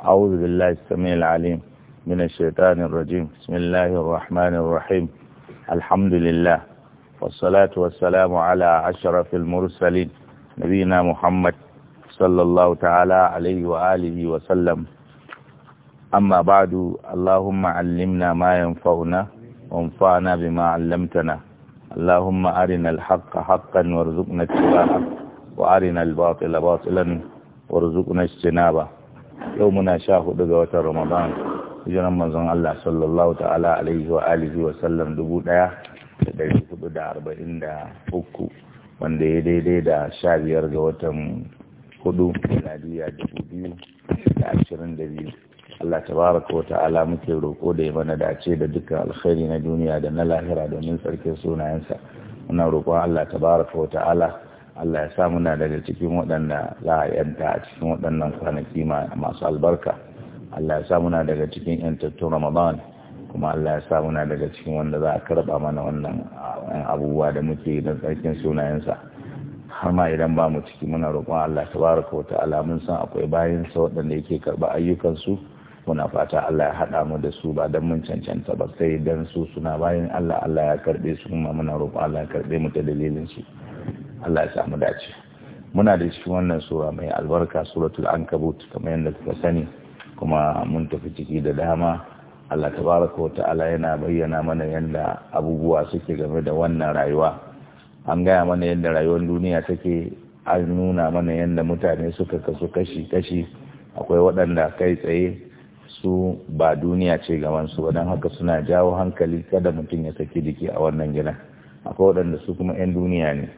أعوذ بالله السميع العليم من الشيطان الرجيم بسم الله الرحمن الرحيم الحمد لله والصلاة والسلام على أشرف المرسلين نبينا محمد صلى الله تعالى عليه وآله وسلم أما بعد اللهم علمنا ما ينفعنا وانفعنا بما علمتنا اللهم أرنا الحق حقا وارزقنا اتباعه وأرنا الباطل باطلا وارزقنا اجتنابه yau muna sha hudu ga watan ramadan jiran manzon Allah sallallahu ta'ala alaihi wa alihi wa sallam dubu daya da dari hudu da arba'in da wanda ya daidai da sha biyar ga watan hudu miladiya dubu biyu da ashirin da biyu Allah tabaraka wa ta'ala muke roƙo da ya mana dace da dukkan alkhairi na duniya da na lahira domin tsarkin sunayensa muna roƙon Allah tabaraka wa ta'ala Allah ya sa muna daga cikin waɗanda za a yanta a cikin waɗannan kwanaki masu albarka Allah ya sa muna daga cikin yan yantattu Ramadan kuma Allah ya sa muna daga cikin wanda za a karɓa mana wannan abubuwa da muke da tsarkin sunayensa har ma idan ba mu ciki muna roƙon Allah tabaraka wa ta'ala mun san akwai sa waɗanda yake karɓa ayyukansu muna fata Allah ya haɗa mu da su ba don mun cancanta ba sai don su suna bayan Allah Allah ya karɓe su kuma muna roƙon Allah ya karɓe mu ta dalilin su Allah ya samu dace muna da cikin wannan sura mai albarka suratul ankabut kamar yadda kuka sani kuma mun tafi ciki da dama Allah tabaraka ta'ala yana bayyana mana yadda abubuwa suke game da wannan rayuwa an gaya mana yadda rayuwar duniya take an nuna mana yadda mutane suka kasu kashi-kashi akwai waɗanda kai tsaye su ba duniya ce gabansu ba don haka suna jawo hankali kada mutum ya saki diki a wannan gidan akwai waɗanda su kuma 'yan duniya ne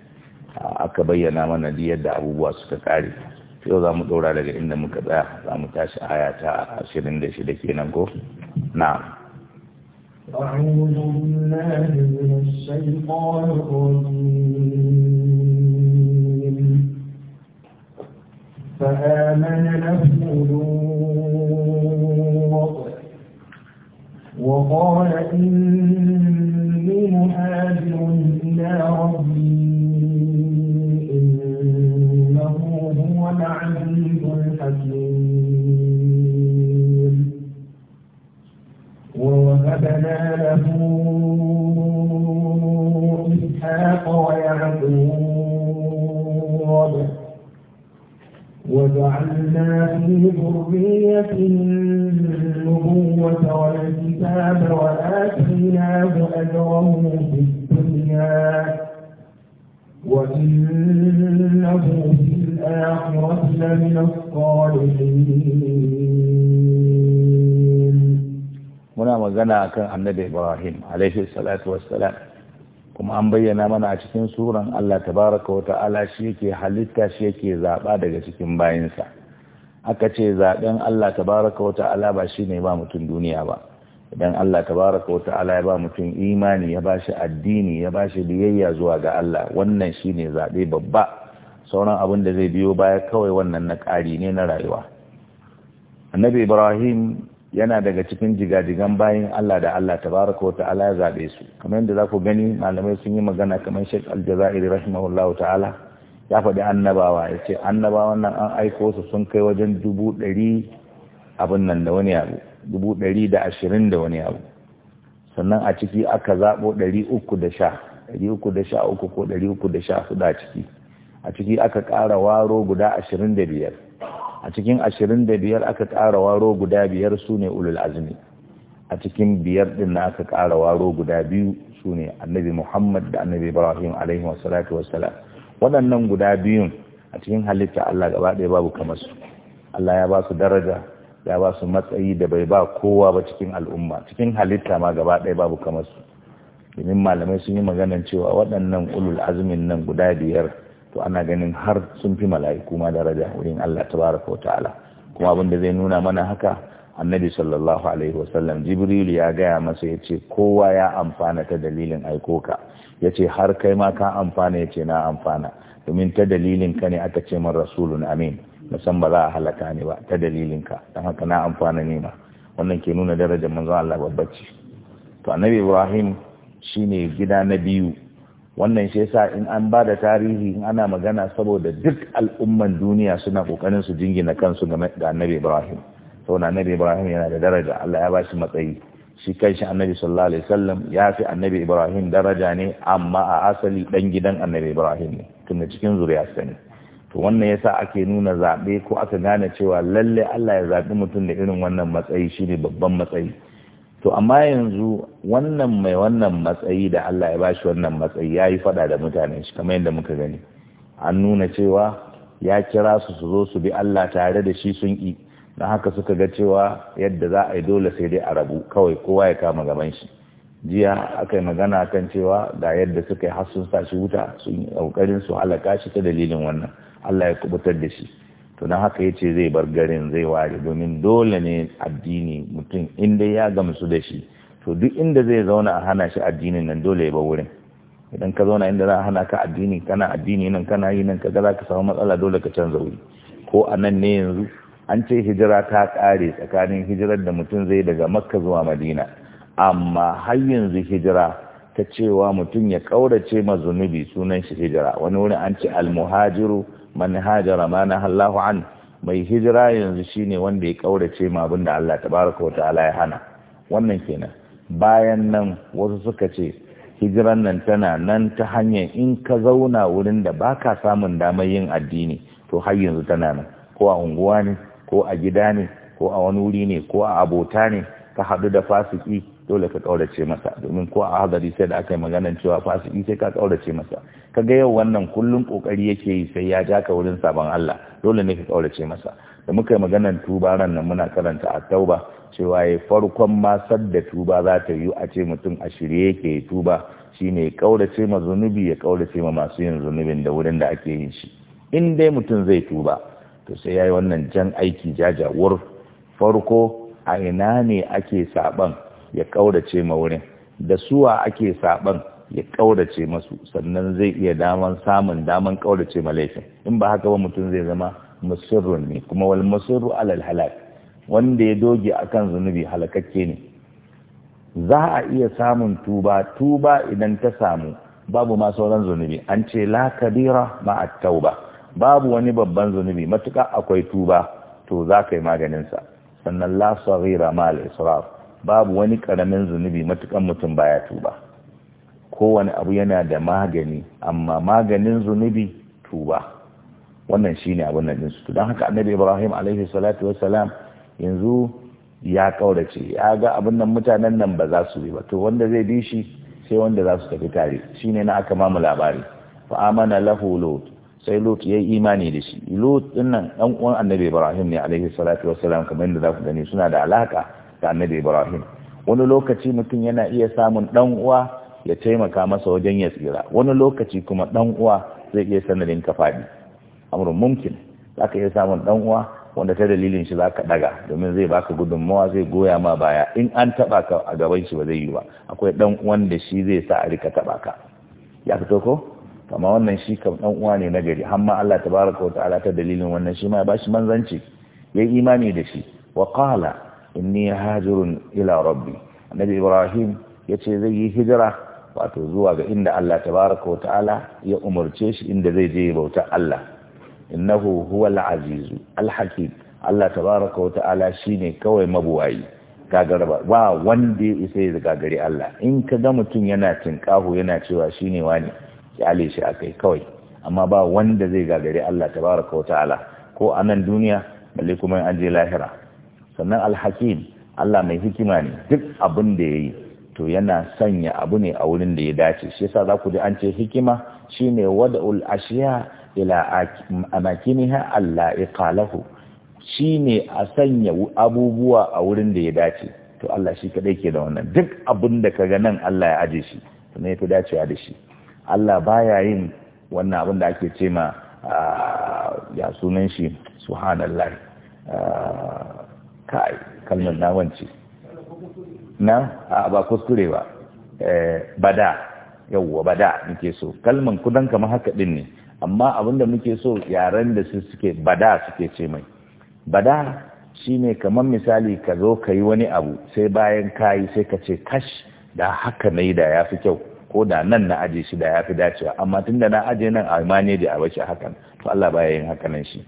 aka bayyana mana da yadda abubuwa suka kare yau za mu ɗora daga inda muka tsaya za mu tashi aya ta ashirin da shida kenan ko na فآمن له لوط وقال إني مهاجر إلى ربي له إسحاق ويعقوب وجعلنا في ذريته النبوة والكتاب وآتيناه أجره في الدنيا وإنه في الآخرة لمن الصالحين muna magana kan annabi ibrahim alaihi salatu wassalam kuma an bayyana mana a cikin suran Allah tabaraka wa ta'ala shi yake halitta shi yake zaɓa daga cikin bayinsa aka ce zaɓen Allah tabaraka wa ta'ala ba shine ba mutum duniya ba idan Allah tabaraka wa ta'ala ya ba mutum imani ya ba shi addini ya ba shi biyayya zuwa ga Allah wannan shi ne zaɓe babba sauran abin da zai biyo baya kawai wannan na ƙari ne na rayuwa annabi ibrahim yana daga cikin jigajigan bayin Allah da Allah tabaraka wa ta'ala ya zabe su kamar yadda za ku gani malamai sun yi magana kamar Sheikh Al-Jazairi rahimahullah ta'ala ya faɗi annabawa ya ce annabawan nan an aiko su sun kai wajen dubu ɗari abin nan da wani abu dubu ɗari da ashirin da wani abu sannan a ciki aka zaɓo ɗari uku da sha ɗari uku da sha uku ko ɗari uku da sha huɗu a ciki a ciki aka ƙara waro guda ashirin da biyar a cikin ashirin da biyar aka ƙara waro guda biyar su ne ulul azumi a cikin biyar din na aka ƙara waro guda biyu su ne annabi muhammad da annabi ibrahim alaihi wasalatu wassalam waɗannan guda biyun a cikin halitta allah gaba ɗaya babu kamar su allah ya ba su daraja ya ba su matsayi da bai ba kowa ba cikin al'umma cikin halitta ma gaba ɗaya babu kamar su domin malamai sun yi maganan cewa waɗannan ulul azumin nan guda biyar to ana ganin har sun fi mala'iku ma daraja wurin Allah tabaraka wa ta'ala kuma abin da zai nuna mana haka annabi sallallahu alaihi wa sallam, jibril ya gaya masa yace kowa ya amfana ta dalilin aiko ka ya ce har kai ma ka amfana yace na amfana domin ta dalilin ka ne aka ce min rasulun amin musan ba za a halaka ne ba ta dalilin ka dan haka na amfana ne ma wannan ke nuna darajar manzon Allah babbaci to annabi ibrahim shine gida na biyu wannan shi yasa in an ba da tarihi in ana magana saboda duk al'umman duniya suna kokarin su jingina kansu ga annabi ibrahim na annabi ibrahim yana da daraja Allah ya ba shi matsayi shi kai shi annabi sallallahu alaihi wasallam ya fi annabi ibrahim daraja ne amma a asali dan gidan annabi ibrahim ne tunda cikin zuriya ne to wannan yasa ake nuna zabe ko aka gane cewa lalle Allah ya zabi mutum da irin wannan matsayi Shi ne babban matsayi to amma yanzu wannan mai wannan matsayi da Allah ya bashi wannan matsayi ya yi fada da mutane shi kamar yadda muka gani an nuna cewa ya kira su su zo su bi Allah tare da shi sun yi don haka suka ga cewa yadda za a yi dole sai dai a rabu kawai kowa ya kama gaban shi jiya aka yi magana kan cewa ga yadda suka yi har sun sa shi wuta sun yi ƙoƙarin su halaka shi ta dalilin wannan Allah ya kubutar da shi to don haka ya ce zai bar garin zai ware domin dole ne addini mutum inda ya gamsu da shi to duk inda zai zauna a hana shi addinin nan dole ya bar wurin idan ka zauna inda za a hana ka addini kana addini nan kana yi nan kaga za ka samu matsala dole ka canza wuri ko a nan ne yanzu an ce hijira ta ƙare tsakanin hijirar da mutum zai daga makka zuwa madina amma har yanzu hijira ta cewa mutum ya ƙaurace ma zunubi sunan shi hijira wani wurin an ce almuhajiru man hajara ma na Allahu an mai hijira yanzu shine wanda ya kaurace ma abin da Allah tabaraka wataala ya hana wannan kenan bayan nan wasu suka ce hijiran nan tana nan ta hanyar in ka zauna wurin da baka samun damar yin addini to har yanzu tana nan ko a unguwa ne ko a gida ne ko a wani wuri ne ko a abota ne ka haɗu da fasiki dole ka kaurace masa domin ko a hadari sai da aka yi maganan cewa fasiki sai ka kaurace masa ka ga yau wannan kullum kokari yake yi sai ya ja ka wurin sabon Allah dole ne ka kaurace masa da muka yi maganan tuba ran nan muna karanta a tauba cewa ya farkon masar da tuba za ta yi a ce mutum a shirye yake tuba shine ya kaurace ma zunubi ya kaurace ma masu yin zunubin da wurin da ake yin shi in dai mutum zai tuba to sai yayi wannan jan aiki jajawar farko a ina ne ake saban ya ƙaurace ma wurin da suwa ake saɓan ya ƙaurace masu sannan zai iya daman samun daman ƙaurace ma laifin in ba haka ba mutum zai zama musirrun ne kuma wal musirru alal halak wanda ya doge akan zunubi halakakke ne za a iya samun tuba tuba idan ta samu babu ma sauran zunubi an ce la kabira ma tauba babu wani babban zunubi matuƙa akwai tuba to za ka yi maganinsa sannan la saghira ma al israf babu wani karamin zunubi matukan mutum baya tuba kowane abu yana da magani amma maganin zunubi tuba wannan shine abin nan su don haka annabi ibrahim alaihi salatu wassalam yanzu ya kaurace ya ga abin nan mutanen nan ba za su yi ba to wanda zai bi shi sai wanda za su tafi tare shine na aka mamu labari fa amana lahu lut sai lut ya imani da shi lut din nan dan uwan annabi ibrahim ne alaihi salatu wassalam kamar yadda za ku gani suna da alaka ga annabi ibrahim wani lokaci mutum yana iya samun dan uwa ya taimaka masa wajen ya tsira wani lokaci kuma dan uwa zai iya sanarin ka fadi amrun mumkin zaka iya samun dan uwa wanda ta dalilin shi zaka daga domin zai baka gudunmawa zai goya ma baya in an taba ka a gaban shi ba zai yi ba akwai dan uwan da shi zai sa a rika taba ka ya fito ko amma wannan shi kam dan uwa ne na gari ma Allah tabaraka wa ta'ala ta dalilin wannan shi ma ya bashi manzanci yayi imani da shi wa qala inni hajirun ila rabbi annabi ibrahim yace zai yi hijira wato zuwa ga inda Allah tabaraka wa ta'ala ya umarce shi inda zai je bauta Allah innahu huwal azizu hakim Allah tabaraka wa ta'ala shine kawai mabuwayi gagarba ba wanda ya isa ya gagari Allah in ka ga mutum yana tinkahu yana cewa shine wani kyale shi akai kawai amma ba wanda zai gagari Allah tabaraka wa ta'ala ko a nan duniya balle kuma an je lahira sannan alhakim Allah mai hikima ne duk abin da ya yi to yana sanya abu ne a wurin da ya dace shi yasa za ku ji an ce hikima shi shine wada ashiya ila amakiniha Allah iqalahu ne a sanya abubuwa a wurin da ya dace to Allah shi kadai ke da wannan duk abin da ka nan Allah ya aje shi to ne fi dacewa da shi Allah baya yin wannan abin da ake ce ma ah, ya sunan shi subhanallah ah, kai kalmar ce. na a ba kuskure ba eh, bada yawwa bada muke so kalman kudan kamar haka din ne amma abinda muke so yaren da su suke bada suke ce mai bada ne kamar misali ka zo ka yi wani abu sai bayan ka yi sai ka ce kash da haka na yi da ya fi kyau ko da nan na aje shi da ya fi dacewa amma tun da na aje nan a ne da a bashi hakan to Allah baya yin hakanan shi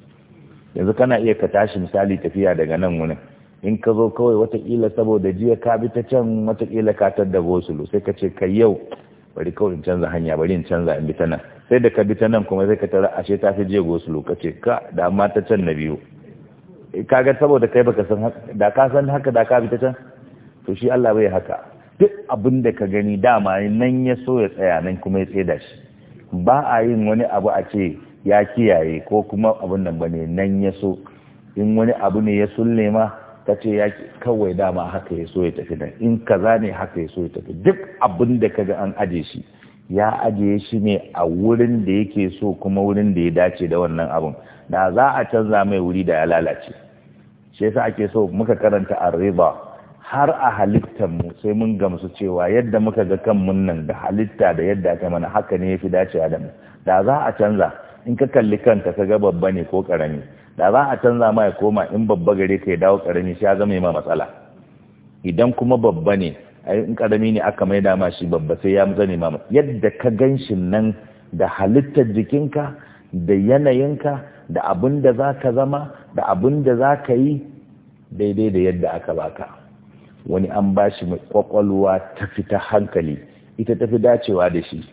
yanzu kana iya ka tashi misali tafiya daga nan wani. in ka zo kawai watakila saboda jiya ka bi ta can watakila ka tar da gosulu sai ka ce ka yau bari kawai in canza hanya bari in canza in bi ta nan sai da ka bi ta nan kuma sai ka tara ashe ta fi je gosulu ka ce ka da amma ta can na biyu eh, ka ga saboda kai baka san haka da ka san haka da ka bi ta can to shi Allah bai haka duk abin da ka gani dama nan ya so ya tsaya nan kuma ya tsaya da shi ba a yin wani abu a ce ya kiyaye ko kuma abin nan bane nan ya so in wani abu ne ya sulle ma ta ce ya kawai dama haka ya so ya tafi nan in ka zane haka ya so ya tafi duk abin da ka ga an aje shi ya ajiye shi ne a wurin da yake so kuma wurin da ya dace da wannan abin da za a canza mai wuri da ya lalace shi yasa ake so muka karanta riba har a halittar mu sai mun gamsu cewa yadda muka ga kan mun nan da halitta da yadda ake mana haka ne yafi fi da mu da za a canza in ka kalli kanka ka ga babba ne ko karami da za a canza ma ya koma in babba gare ka ya dawo karami shi ya zama ma matsala idan kuma babba ne in karami ne aka maida ma shi babba sai ya zame ma matsala. yadda ka gan shi nan da halittar jikinka da yanayinka da abin da za ka zama da abin da za ka yi daidai da yadda aka baka wani an ba shi mai kwakwalwa ta fita hankali ita tafi dacewa da shi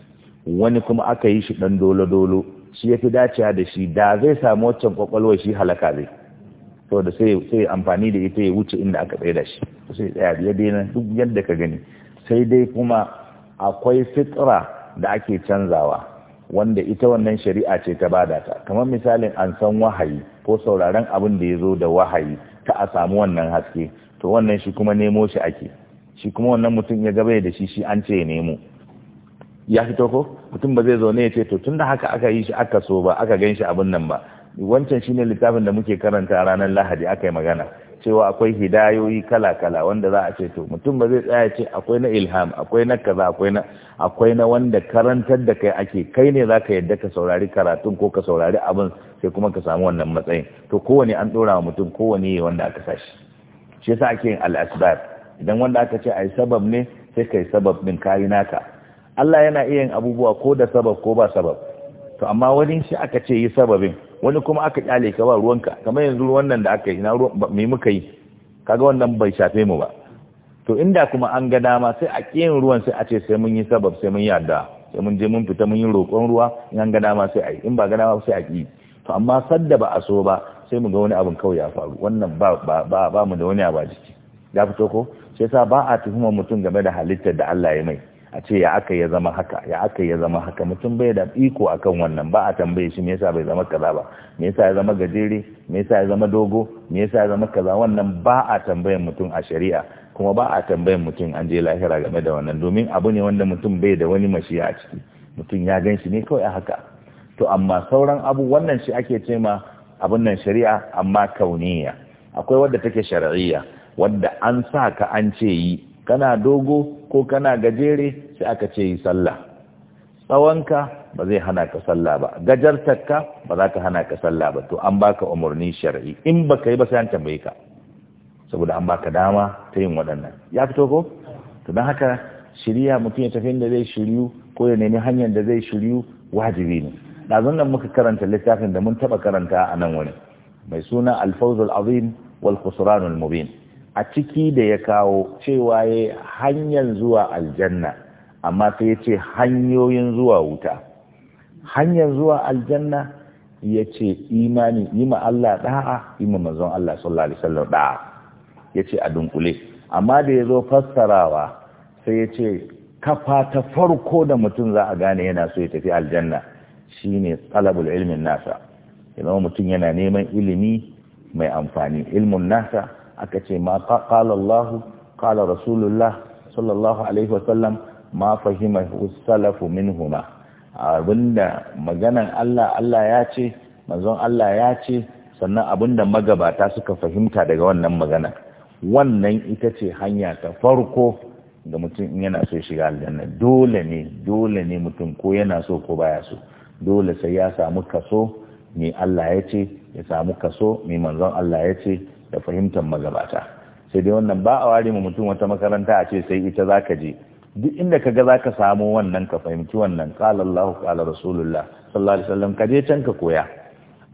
wani kuma aka yi shi ɗan dolo-dolo shi ya fi dacewa da shi da zai samu waccan kwakwalwa shi halaka zai to sai sai amfani da ita ya wuce inda aka tsaye da shi sai tsaya ya daina duk yadda ka gani sai dai kuma akwai fitra da ake canzawa wanda ita wannan shari'a ce ta bada ta kamar misalin an san wahayi ko sauraron abin da ya zo da wahayi ta a samu wannan haske to wannan shi kuma nemo shi ake shi kuma wannan mutum ya gabaye da shi shi an ce ya nemo ya fito ko mutum ba zai zo ne ya ce to tun da haka aka yi shi aka so ba aka gan shi abin nan ba wancan shine littafin da muke karanta a ranar lahadi aka yi magana cewa akwai hidayoyi kala-kala wanda za a ce to mutum ba zai tsaya ce akwai na ilham akwai na kaza akwai na akwai na wanda karantar da kai ake kai ne za ka yadda ka saurari karatun ko ka saurari abin sai kuma ka samu wannan matsayin to kowane an dora wa mutum kowane wanda aka sashi shi yasa ake yin al'asbab idan wanda aka ce ai sabab ne sai kai sabab din kayi naka Allah yana iya yin abubuwa ko da sabab ko ba sabab to amma wani shi aka ce yi sababin wani kuma aka kyale ka ba ruwanka kamar yanzu ruwan nan da aka yi na ruwan me muka yi kaga wannan bai shafe mu ba to inda kuma an ga dama sai a kiyin ruwan sai a ce sai mun yi sabab sai mun yi addu'a sai mun je mun fita mun yi roƙon ruwa in an ga dama sai a yi in ba ga dama sai a ki to amma sadda ba a so ba sai mu ga wani abin kawai ya faru wannan ba ba ba, ba mu da wani abu a ya fito ko sai sa ba a tuhuma mutum game da halittar da Allah ya mai a ce ya aka ya zama haka ya aka ya zama haka mutum bai da iko akan wannan ba a tambaye shi me yasa bai zama kaza ba me yasa ya zama gajere me yasa ya zama dogo me yasa ya zama kaza wannan ba a tambayan mutum a shari'a kuma ba a tambayan mutum an je lahira game da wannan domin abu ne wanda mutum bai da wani mashiya a ciki mutum ya gan shi ne kawai a haka to amma sauran abu wannan shi ake ce ma abun nan shari'a amma kauniya akwai wadda take shar'iyya wadda an sa ka an ce yi kana dogo ko kana gajere sai aka ce yi sallah tsawonka ba zai hana ka sallah ba gajartarka ba za ka hana ka sallah ba to an baka umarni shar'i in ba ka yi ba sai an tambaye ka saboda an baka dama ta yin waɗannan ya fito ko to don haka shirya mutum ya tafi da zai shiryu ko ya nemi hanyar da zai shiryu wajibi ne ɗazun nan muka karanta littafin da mun taɓa karanta a nan wani mai suna alfawzul azim wal khusranul mubin a ciki da ya kawo cewa ya hanyar zuwa aljanna amma sai ya ce hanyoyin zuwa wuta hanyar zuwa aljanna ya ce imani yi ma Allah ɗa'a, yi ma mazan Allah sallallahu alaihi wasallam da'a ya ce a dunkule amma da ya zo fassarawa sai ya ce kafa ta farko da mutum za a gane yana so ya tafi aljanna shine talabul ilmin nasa ya zama mutum yana neman ilimi mai amfani ilmun nasa aka ce ma ƙalallahu, Allah Rasulullah sallallahu alaihi wasallam ma fahimar salafu minhuma abinda maganan Allah Allah ya ce manzon Allah ya ce sannan abinda magabata suka fahimta daga wannan magana wannan ita ce hanya ta farko da mutum in yana so shiga aljanna dole ne dole ne mutum ko yana so ko baya so dole sai ya samu kaso mai Allah ya ce ya samu kaso mai manzon Allah ya ce da fahimtar magabata sai dai wannan ba a ware mu mutum wata makaranta a ce sai ita zaka je duk inda ka ga zaka samu wannan ka fahimci wannan qala Allah qala Rasulullah sallallahu alaihi wasallam ka je can ka koya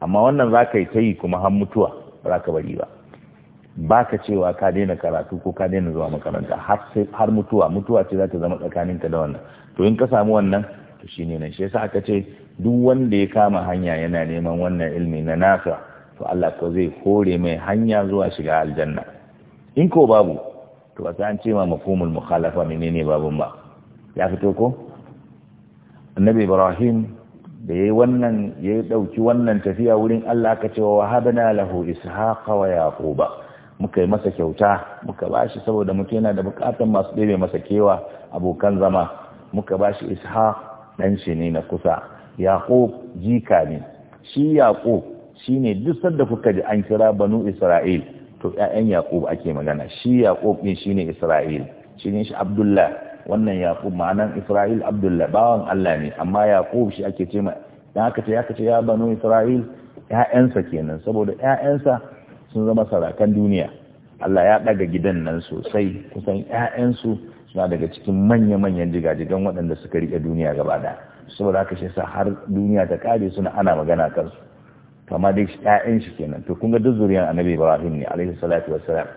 amma wannan zaka yi ta kuma har mutuwa ba ka bari ba baka cewa ka daina karatu ko ka daina zuwa makaranta har sai har mutuwa mutuwa ce za ta zama tsakaninka da wannan to in ka samu wannan to shine nan shi yasa aka ce duk wanda ya kama hanya yana neman wannan ilmi na nasa. to Allah ko zai kore mai hanya zuwa shiga aljanna in ko babu to ba an ce ma mafhumul mukhalafa menene babun ba ya fito ko annabi ibrahim da yayi wannan ya dauki wannan tafiya wurin Allah ka ce wa habana lahu ishaqa wa yaquba muka yi masa kyauta muka bashi saboda mutum yana da bukatan masu ɗebe masa kewa abokan zama muka bashi ishaq dan shi ne na kusa yaqub jika ne shi yaqub shine duk sanda kuka ji an kira banu isra'il to ƴaƴan yaqub ake magana shi yaqub din shine isra'il Shi ne shi abdullah wannan yaqub ma'anan isra'il abdullah bawan Allah ne amma yaqub shi ake ce dan aka ce aka ce ya banu isra'il ƴaƴansa kenan saboda ƴaƴansa sun zama sarakan duniya Allah ya daga gidan nan sosai kusan ƴaƴansu suna daga cikin manya-manyan jigajigan waɗanda suka riƙe duniya gaba ɗaya saboda haka shi sa har duniya ta kare suna ana magana kansu kama dai ƴaƴan shi kenan to kun ga duk zuriyar annabi Ibrahim ne alaihi salatu wassalam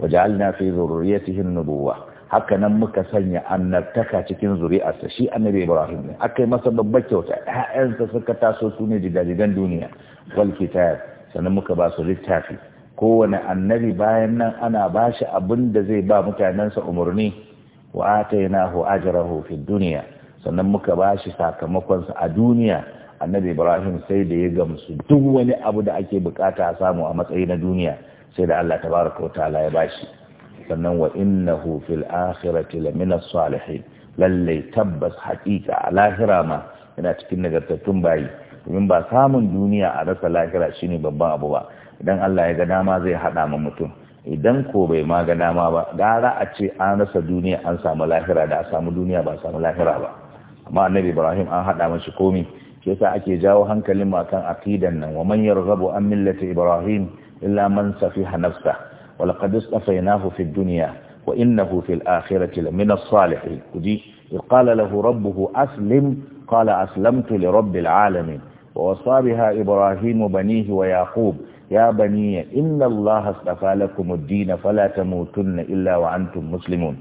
waja'alna fi zurriyyatihi an-nubuwah haka nan muka sanya annabtaka cikin zuri'arsa shi annabi ibrahim ne aka yi masa babbar kyauta ƴaƴansa suka taso su ne jigajigan duniya wal kitab sannan muka ba su littafi kowane annabi bayan nan ana ba shi abin da zai ba mutanensa umarni wa atainahu ajrahu fid dunya sannan muka ba shi sakamakonsa a duniya annabi ibrahim sai da ya gamsu duk wani abu da ake bukata a samu a matsayi na duniya sai da Allah tabaraka wa ta'ala ya bashi sannan wa innahu fil akhirati lamina salihin lalle tabbas hakika a lahira ma yana cikin nagartattun bayi domin ba samun duniya a rasa lahira shine babban abu ba idan Allah ya ga dama zai hada ma mutum idan ko bai ma ga dama ba gara a ce an rasa duniya an samu lahira da a samu duniya ba samu lahira ba amma annabi Ibrahim an hada mashi komai. shi yasa ake jawo hankalin mu akan aqidan nan wa man yarghabu an millati ibrahim illa man safiha nafsa wa laqad istafaynahu fi dunya wa innahu fi al akhirati min as-salihin kudi qala lahu rabbuhu aslim qala aslamtu li rabbil alamin wa wasa biha ibrahim ووصى بها إبراهيم بنيه ويعقوب يا بني إن الله اصطفى لكم الدين فلا تموتن إلا وأنتم مسلمون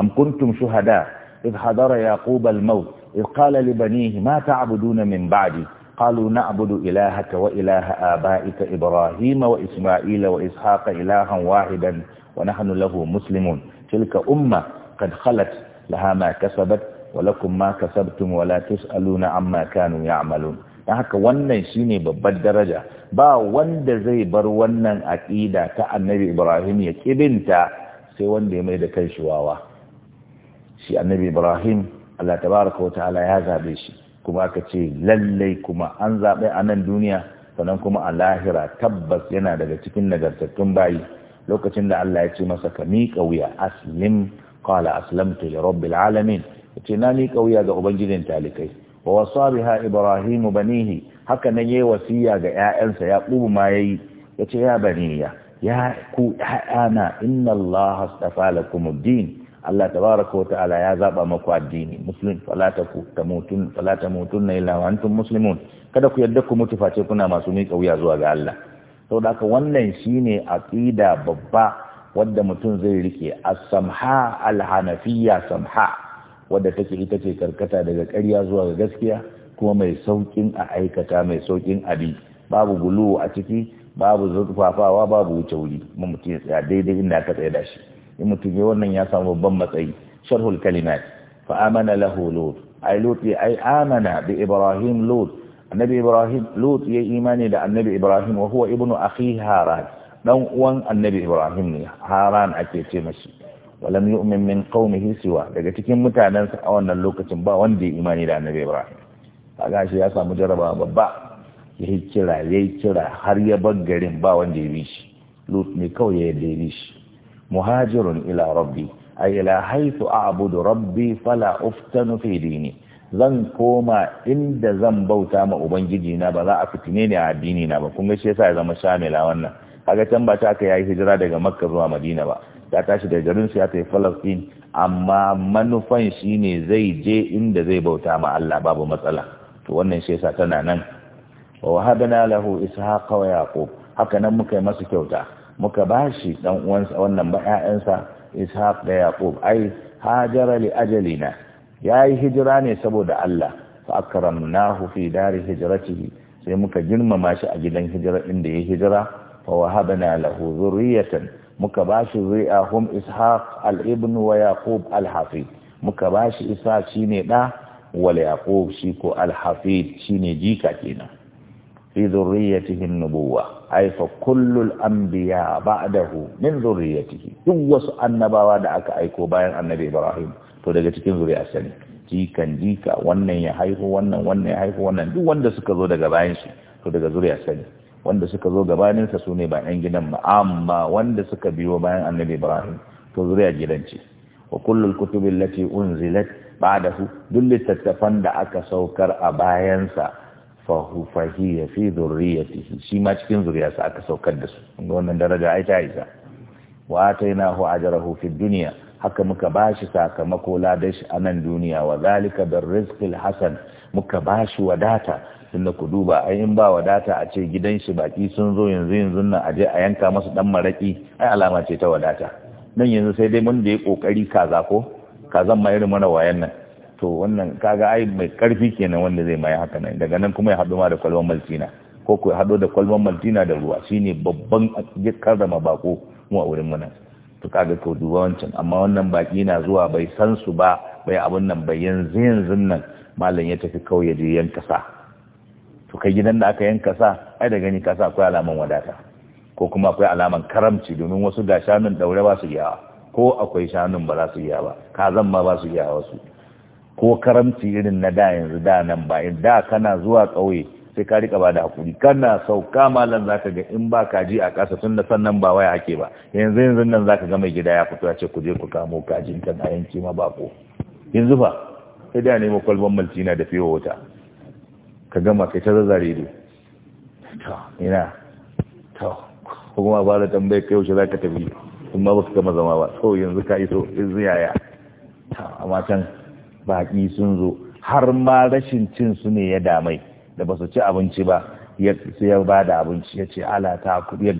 أم كنتم شهداء إذ حضر يعقوب الموت وقال لبنيه ما تعبدون من بعدي قالوا نعبد إلهك وإله آبائك إبراهيم وإسماعيل وإسحاق إلها واحدا ونحن له مسلمون تلك أمة قد خلت لها ما كسبت ولكم ما كسبتم ولا تسألون عما كانوا يعملون haka wannan shine babbar daraja ba wanda zai bar wannan aqida ta Annabi Ibrahim ya kibinta sai wanda ya mai da kanshi wawa shi Annabi Ibrahim Allah tabaraka wa ta'ala ya zabe shi kuma aka ce lallai kuma an zabe a nan duniya sannan kuma a lahira tabbas yana daga cikin nagartattun bayi lokacin da Allah ya ce masa ka miƙa wuya aslim qala aslamtu li rabbil alamin yace na miƙa wuya ga ubangijin talikai wa wasa biha ibrahim banihi haka nan yayi wasiya ga ƴaƴansa yaqubu ma yayi yace ya baniya ya ku ƴaƴana inna allaha astafa lakum ad-din Allah ta tabaraka wa ta'ala ya zaba maku addini muslim fala tamutun fala tamutunna illa antum muslimun kada ku yadda ku mutu face kuna masu miƙa wuya zuwa ga Allah saboda haka wannan shine aqida babba wadda mutum zai rike as-samha al-hanafiyya samha wadda take ita ce karkata daga ƙarya zuwa ga gaskiya kuma mai saukin a aikata mai saukin abi babu gulu a ciki babu zurfafawa babu wuce wuri mutum ya tsaya daidai inda aka tsaya da shi in mutum wannan ya samu babban matsayi sharhul kalimat fa amana lahu lut ay lut ay amana bi ibrahim lut annabi ibrahim lut ya imani da annabi ibrahim wa huwa ibnu akhi haran dan uwan annabi ibrahim ne haran ake ce mashi wa lam yu'min min qaumihi siwa daga cikin mutanansa a wannan lokacin ba wanda ya imani da annabi ibrahim kaga shi ya samu jaraba babba ya kira ya kira har ya bar garin ba wanda ya bi shi lut ne kawai ya yarda ya bi shi muhajirun ila rabbi أي لا حيث a'budu rabbi fala أفتن في ديني zan koma inda zan bauta ma ubangiji na ba za a fitine ni a addini na ba kun ga shi yasa ya zama shamila wannan kaga can ba ta aka yayi hijira daga makka zuwa madina ba ta tashi daga garin su ya tafi falastin amma manufan shine zai je inda zai bauta ma Allah babu matsala to wannan shi yasa tana nan wa wahabna lahu ishaqa wa yaqub haka nan muka yi masa kyauta muka bashi ɗan uwansa wannan ba ƴaƴansa ishaq da yaqub ai hajara li ajalina yayi hijira ne saboda Allah fa akramnahu fi dari hijratihi sai muka girmama shi a gidan hijira inda ya hijira fa wahabna lahu zuriyatan muka bashi zuri'a hum ishaq al-ibn wa yaqub al-hafiz muka bashi isa ne ɗa, wal yaqub shi ko al shi ne jika kenan fi zurriyatihim nubuwah aifa kullul anbiya ba'dahu min zuriyatihi duk wasu annabawa da aka aiko bayan annabi Ibrahim to daga cikin zuriyarsa ne jikan jika wannan ya haihu wannan wannan ya haihu wannan duk wanda suka zo daga bayan shi to daga zuriyarsa ne wanda suka zo gabanin sa sune ba yan gidan ba amma wanda suka biyo bayan annabi Ibrahim to zuriyar gidan ce wa kullul kutubi allati unzilat ba'dahu duk littattafan da aka saukar a bayansa ya fi zurriyati shi ma cikin zuriyarsa aka saukar da su wannan daraja ai ta isa wa atainahu ajrahu fi dunya haka muka bashi sakamako ladashi a nan duniya wa zalika bir rizqil hasan muka bashi wadata tunda ku duba ai in ba wadata a ce gidan shi baki sun zo yanzu yanzu nan aje a yanka masa dan maraki ai alama ce ta wadata nan yanzu sai dai mun da yi kokari kaza ko kazan ma irin mana wayan nan to wannan kaga ai mai karfi kenan wanda zai mai haka nan daga nan kuma ya haɗu ma da kwalban maltina ko ku haɗu da kwalban maltina da ruwa shine babban karrama bako mu a wurin muna to kaga to duba wancan amma wannan baki na zuwa bai san su ba bai abun nan bai yanzu yanzu nan malam ya tafi kauye je yanka sa to kai gidan da aka yanka sa ai da gani kasa akwai alaman wadata ko kuma akwai alaman karamci domin wasu ga shanun daure ba su yawa ko akwai shanun ba za su yawa kazan ma ba su yawa wasu ko karamci irin na da yanzu da nan ba da kana zuwa ƙauye sai ka rika ba da hakuri kana sauka malam zaka ga in ba kaji a ƙasa tun da sannan ba waya ake ba yanzu yanzu nan zaka ga mai gida ya fito ya ce ku je ku kamo kajin kan ayan kima ba ko yanzu fa sai da nemo kwalban na da fiye wuta ka gama kai ta zazzare ne to ina to kuma ba da tambayar kai wuce za ka tafi kuma ba ka gama zama ba so yanzu ka iso yanzu yaya Ta amma can baƙi sun zo har ma rashin cin su ne ya damai da ba su ci abinci ba ya ba da abinci ya ce ala ta ya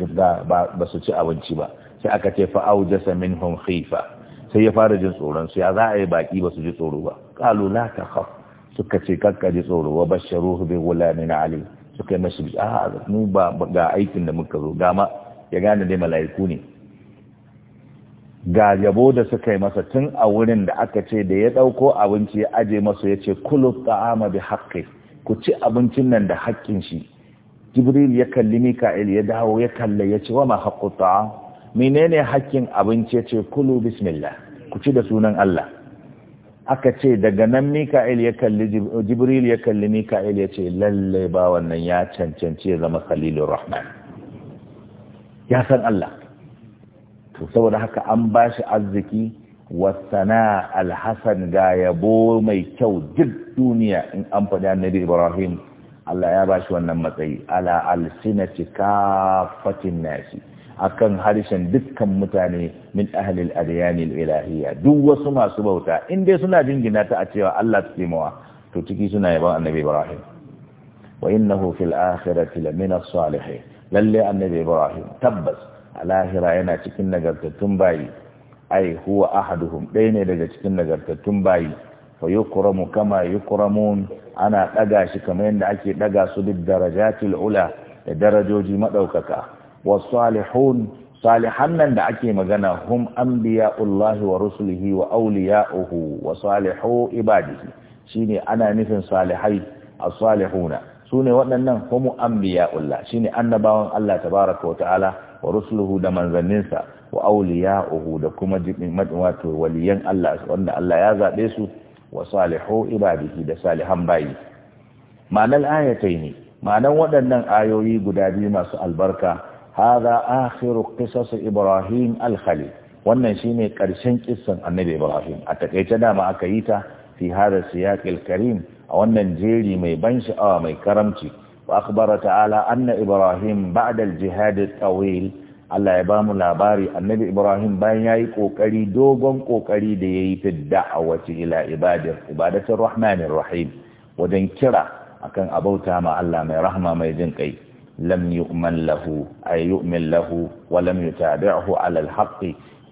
ba su ci abinci ba sai aka ce fa aujasa minhum khifa sai ya fara jin tsoron su ya za a yi baki ba su ji tsoro ba qalu la takhaf suka ce kakka ji tsoro wa basharuhu bi ghulamin ali suka yi mashi a mu ba ga aikin da muka zo gama ya gane dai mala'iku ne ga yabo da suka yi masa tun a wurin da aka ce da ya ɗauko abinci ya aje masa ya ce kulu ta'ama bi haqqi ku ci abincin nan da haƙƙin shi jibril ya kalli mika'il ya dawo ya kalle ya ce wa ma haqqu ta'am menene haƙƙin abinci ya ce kulu bismillah ku ci da sunan Allah aka ce daga nan mika'il ya kalli jibril ya kalli mika'il ya ce lalle ba wannan ya cancanci ya zama khalilur rahman ya san Allah to saboda haka an ba shi arziki wasana alhassan ga yabo mai kyau duk duniya in an faɗi annabi ibrahim Allah ya ba shi wannan matsayi ala alsinati kafatin nasi akan harshen dukkan mutane min ahlil adyani ilahiyya duk wasu masu bauta in dai suna jingina ta a cewa Allah tsimawa to ciki suna yaban annabi ibrahim wa innahu fil akhirati lamina salihin lalle annabi ibrahim tabbas lahira yana cikin nagartattun bayi ai huwa ahaduhum ɗaya ne daga cikin nagartattun bayi fa yukramu kama yukramun ana ɗaga shi kamar yadda ake ɗaga su duk darajatil ula da darajoji maɗaukaka wasalihun salihan nan da ake magana hum anbiya'ullahi wa rusulihi wa awliya'uhu wa salihu ibadihi shine ana nufin salihai as-salihuna sune waɗannan hum anbiya'ullah shine annabawan Allah tabaaraka wa ta'ala wa rusuluhu da manzanninsa wa awliya'uhu da kuma wato waliyan Allah wanda Allah ya zaɓe su wa salihu ibadihi da salihan bayi ma'anar ne. ma'anar waɗannan ayoyi guda biyu masu albarka hadha akhiru qisas ibrahim al khali wannan shine ƙarshen kissan annabi ibrahim a takeice dama aka yi ta fi hada siyaqil karim a wannan jeri mai ban sha'awa mai karamci وأخبر تعالى أن إبراهيم بعد الجهاد الطويل Allah ya bamu labari annabi Ibrahim bayan yayi kokari dogon kokari da yayi fi da'awati ila ibadir ibadatul rahmanin rahim wajen kira akan abauta ma Allah mai rahma mai jin kai lam yu'man lahu ay yu'min lahu wa lam yutabi'hu ala al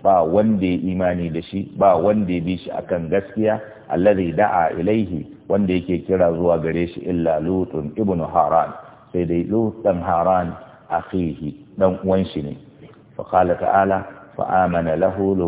ba wanda ya imani da shi ba wanda ya bi shi akan gaskiya alladhi da'a ilaihi wanda yake kira zuwa gare shi illa lutun ibnu haran sai dai lutun haran akhihi dan uwan shi ne fa qala ta'ala fa amana lahu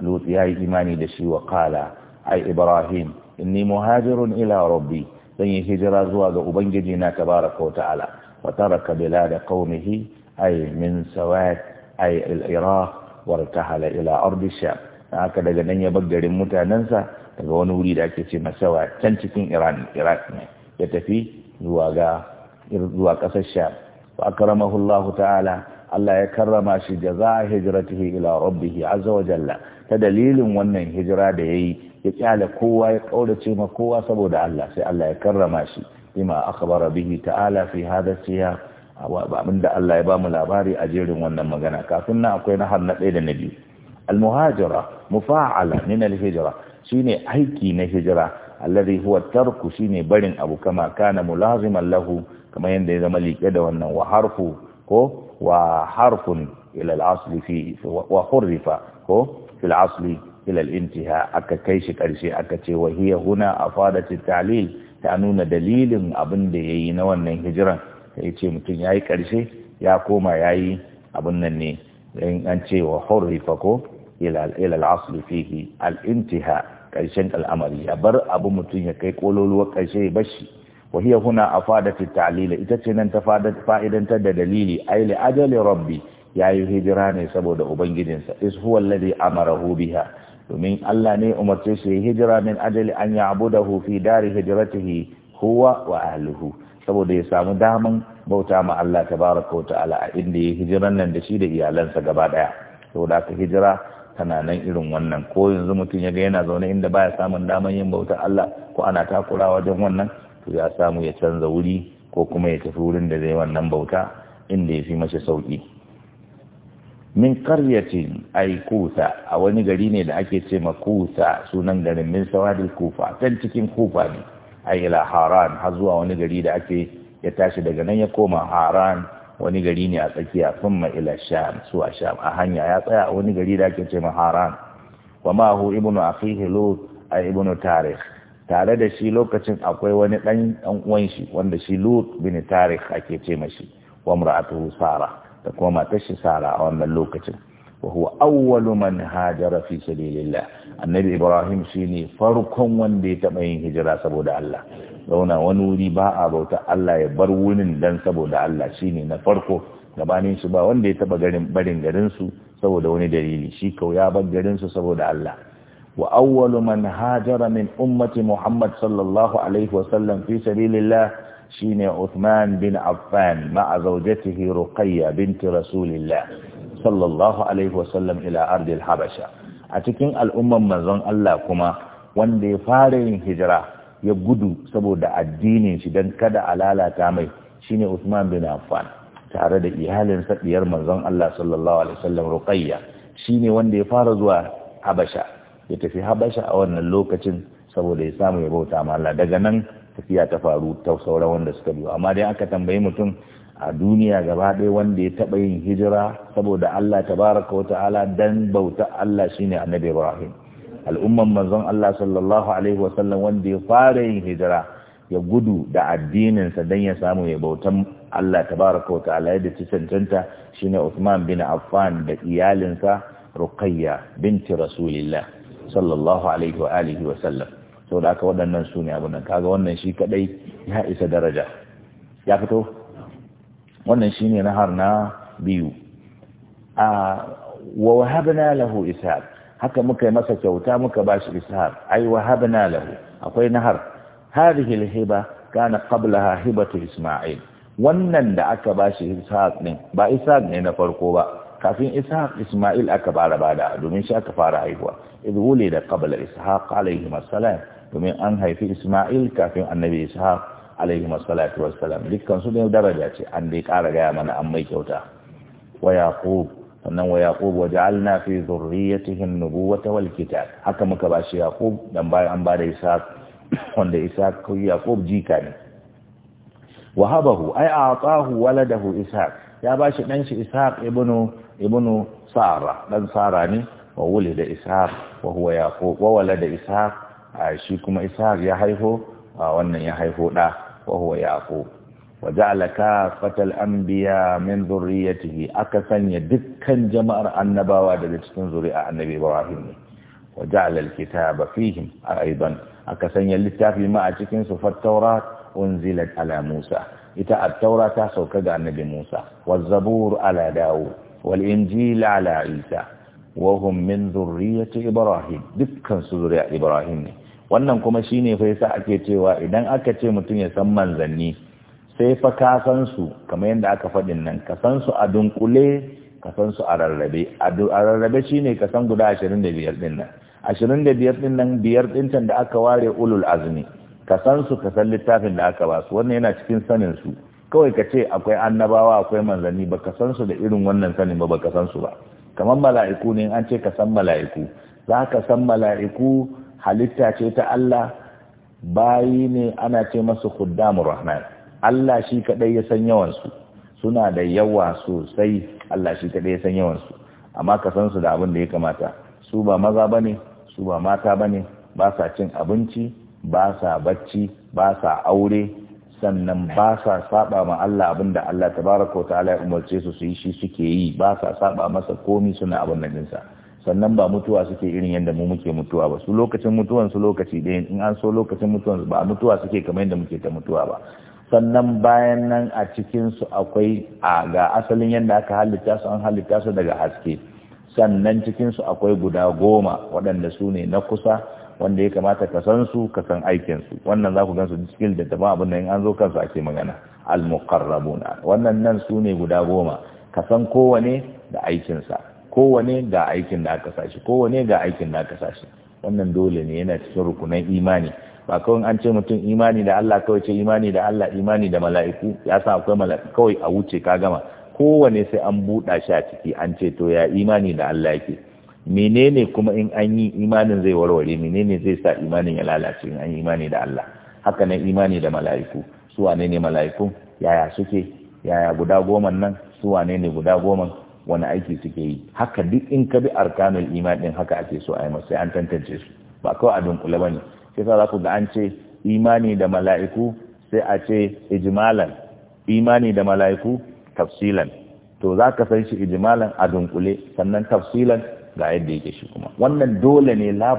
lut ya yi imani da shi wa qala ai ibrahim inni muhajirun ila rabbi dan yi hijira zuwa ga ubangiji na tabaraka wa ta'ala wa taraka bilada qaumihi ai min sawat ai al-iraq wartahala ila ardi sham haka daga nan ya bar garin mutanansa daga wani wuri da ake ce masawa can cikin iran iraq ne ya tafi zuwa ga zuwa ƙasar sham wa akramahu Allah ta'ala Allah ya karrama shi jaza hijratihi ila rabbih azza wa jalla ta dalilin wannan hijira da yayi ya kyale kowa ya kaurace ma kowa saboda Allah sai Allah ya karrama shi bima akhbara bihi ta'ala fi hadha siyaq abinda Allah ya ba mu labari a jerin wannan magana kafin nan akwai na har na ɗaya da na biyu al-muhajira mufa'ala min al hijira. shine aiki na hijira alladhi huwa tarku shine barin abu kama kana mulaziman lahu kamar yanda ya zama liƙe da wannan wa harfu ko wa harfun ila al fi wa hurrifa ko fil asl ila al-intiha aka kai shi karshe aka ce wa hiya huna afadat at-ta'lil ta nuna dalilin abin da yayi na wannan hijiran sai ce mutum yayi karshe ya koma yayi abin nan ne in an ce wa hurifa ko ila al-asl fihi al-intiha karshen al'amari ya bar abu mutum ya kai kololuwar karshe ya bashi wa hiya huna afadatu ta'lila ita ce nan ta fa'idantar da dalili ay li ajali rabbi yi hijira ne saboda ubangijinsa is huwa alladhi amarahu biha domin Allah ne umarce shi hijira min ajali an ya'budahu fi dari hijratihi huwa wa ahlihi saboda ya samu daman bauta ma Allah tabaraka wa ta'ala a inda ya hijiran nan da shi da iyalansa gaba daya saboda ka hijira tana nan irin wannan ko yanzu mutum ya ga yana zaune inda baya samun daman yin bautar Allah ko ana takura wajen wannan to ya samu ya canza wuri ko kuma ya tafi wurin da zai wannan bauta inda ya fi masa sauki min qaryatin ay kusa a wani gari ne da ake ce ma kusa sunan garin min sawadil kufa tan cikin kufa ne ay ila haran har zuwa wani gari da ake ya tashi daga nan ya koma haran wani gari ne a tsakiya summa ila sham su a sham a hanya ya tsaya a wani gari da ake ce ma haran wa ma hu ibnu akhihi lut a ibnu tarikh tare da shi lokacin akwai wani dan dan uwan shi wanda shi lut bin tarikh ake ce mashi wa mar'atuhu sara da kuma matar shi sara a wannan lokacin wa huwa awwalu man hajara fi sabilillah annabi ibrahim shine farkon wanda ya taba yin hijira saboda Allah zauna wani wuri ba a bauta Allah ya bar wurin dan saboda Allah shine na farko gabanin su ba wanda ya taba garin barin garin su saboda wani dalili shi kau ya bar garin su saboda Allah wa awwalu man hajara min ummati Muhammad sallallahu alaihi wa sallam fi sabilillah shine Uthman bin Affan ma'a zawjatihi Ruqayya binti Rasulillah sallallahu alaihi wa sallam ila ardil Habasha a cikin al'umman manzon Allah kuma wanda ya fara yin hijira ya gudu saboda addinin shi don kada a lalata mai shine Usman bin Affan tare da iyalin sadiyar manzon Allah sallallahu alaihi wasallam Ruqayya shine wanda ya fara zuwa Habasha ya tafi Habasha a wannan lokacin saboda ya samu ya bauta ma Allah daga nan tafiya ta faru ta sauran wanda suka biyo amma dai aka tambayi mutum a duniya gaba ɗaya wanda ya taɓa yin hijira saboda Allah tabaraka wa ta'ala dan bauta Allah shine Annabi Ibrahim al'umman manzon Allah sallallahu alaihi wasallam wanda ya fara yin hijira ya gudu da addininsa don ya samu ya bautan Allah tabaraka wa ta'ala yadda ci cancanta ne Uthman bin Affan da iyalinsa Ruqayya binti Rasulillah sallallahu alaihi wa alihi wa sallam saboda aka waɗannan su ne nan, kaga wannan shi kadai ya isa daraja ya fito wannan shine nahar na biyu a wa wahabna lahu ishaq haka muka yi masa kyauta muka ba shi ishar ai na lahu akwai nahar hadhihi alhiba kana qablaha hibatu isma'il wannan da aka ba shi ishaq ne ba ishaq ne na farko ba kafin ishaq isma'il aka fara bada domin shi aka fara haihuwa idh wulida qabla ishaq alayhi domin an haifi isma'il kafin annabi ishaq alayhi assalatu wassalam dukkan su ne daraja ce an dai kara gaya mana an mai kyauta wa yaqub sannan wa yaqub waja'alna fi dhurriyyatihi an-nubuwata wal kitab haka muka ba shi yaqub dan bayan an ba da ishaq wanda ishaq ko yaqub jika ne wahabahu ay a'tahu waladahu ishaq ya ba shi dan shi ishaq ibnu ibnu sara dan sara ne wa wulida ishaq wa huwa yaqub wa walada ishaq shi kuma ishaq ya haifo wannan ya haifo da wa huwa yaqub wa ja'ala kafatal anbiya min dhurriyyatihi aka sanya dukkan jama'ar annabawa daga cikin zuri'a annabi Ibrahim ne wa alkitaba fihim aidan aka sanya littafi ma a cikin su fat unzilat ala Musa ita at-taura ta sauka ga annabi Musa Wazzabur zabur ala Dawud wal-injil ala Isa wa hum min dhurriyyati Ibrahim dukkan su zuri'a Ibrahim ne wannan kuma shine fa yasa ake cewa idan aka ce mutum ya san manzanni sai fa ka san su kamar yadda aka faɗin nan ka san su a dunkule ka san su a rarrabe a rarrabe shine ka san guda 25 din nan 25 din nan biyar din da aka ware ulul azmi ka san su ka san littafin da aka ba su wannan yana cikin sanin su kawai ka ce akwai annabawa akwai manzanni ba ka san su da irin wannan sanin ba ba ka san su ba kamar mala'iku ne an ce ka san mala'iku za ka san mala'iku halitta ce ta Allah bayi ne ana ce masu khuddamur rahman Allah shi kaɗai ya san yawansu suna da yawa sosai Allah shi kaɗai ya san yawansu amma ka san su da abin da ya kamata su ba maza ba ne su ba mata ba ne ba sa cin abinci ba sa bacci ba sa aure sannan ba sa saba ma Allah abin da Allah ta ta'ala ya umarce su su yi shi suke yi ba sa saba masa komi suna abin da dinsa sannan ba mutuwa suke irin yadda mu muke mutuwa ba su lokacin mutuwan lokaci ɗaya in an so lokacin mutuwan ba mutuwa suke kamar yadda muke ta mutuwa ba sannan bayan nan a cikinsu akwai a ga asalin yadda aka halitta su an halitta su daga haske sannan cikinsu akwai guda goma waɗanda su ne na kusa wanda ya kamata ka san su ka san aikinsu wannan za ku gan su cikin da daban abin da in an zo kansu ake magana al-muqarrabuna wannan nan su ne guda goma ka san kowane da aikinsa kowane ga aikin da aka sashi kowane ga aikin da aka sashi wannan dole ne yana cikin rukunan imani ba kawai an ce mutum imani da Allah kawai ce imani da Allah imani da mala'iku ya san akwai mala'iku kawai a wuce ka gama kowane sai an buɗa shi a ciki an ce to ya imani da Allah yake menene kuma in an yi imanin zai warware menene zai sa imanin ya lalace in an yi imani da Allah haka nan imani da mala'iku su wane ne mala'iku yaya suke yaya guda goma nan su wane ne guda goma wani aiki suke yi haka duk in ka bi arkanul iman din haka ake so a yi masu an tantance su ba kawai a dunkule ba ne. kisa za ku ga an ce imani da mala'iku sai a ce ijimalan imani da mala'iku tafsilan to za ka san shi ijimalan a dunkule sannan tafsilan ga yadda yake shi kuma wannan dole ne da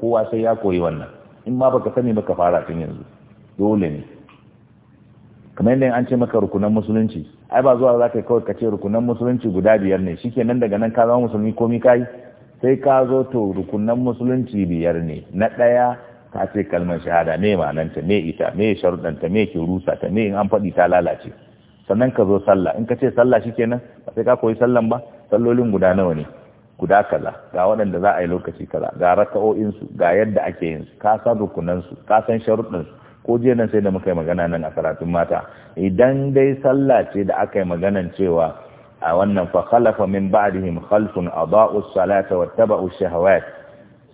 kowa sai ya koyi wannan in ma baka sani baka fara tun yanzu dole ne kamar yadda an ce maka rukunan musulunci ai ba zuwa za ka kawai ka ce rukunan musulunci guda biyar ne shi kenan daga nan ka zama musulmi komi kayi sai ka zo to rukunan musulunci biyar ne na ɗaya ta ce kalmar shahada me ma'ananta me ita me sharuɗanta me ke rusa ta me in an faɗi ta lalace sannan ka zo sallah in ka ce sallah kenan ba sai ka koyi sallan ba sallolin guda nawa ne guda kaza ga waɗanda za a yi lokaci kaza ga raka'o'insu ga yadda ake yin su ka san rukunansu ka san sharuɗinsu ko jiya nan sai da muka yi magana nan a karatun mata idan dai sallah ce da aka yi maganan cewa a wannan fa khalafa min ba'dihim khalfun adaa'u salata wattaba'u shahawat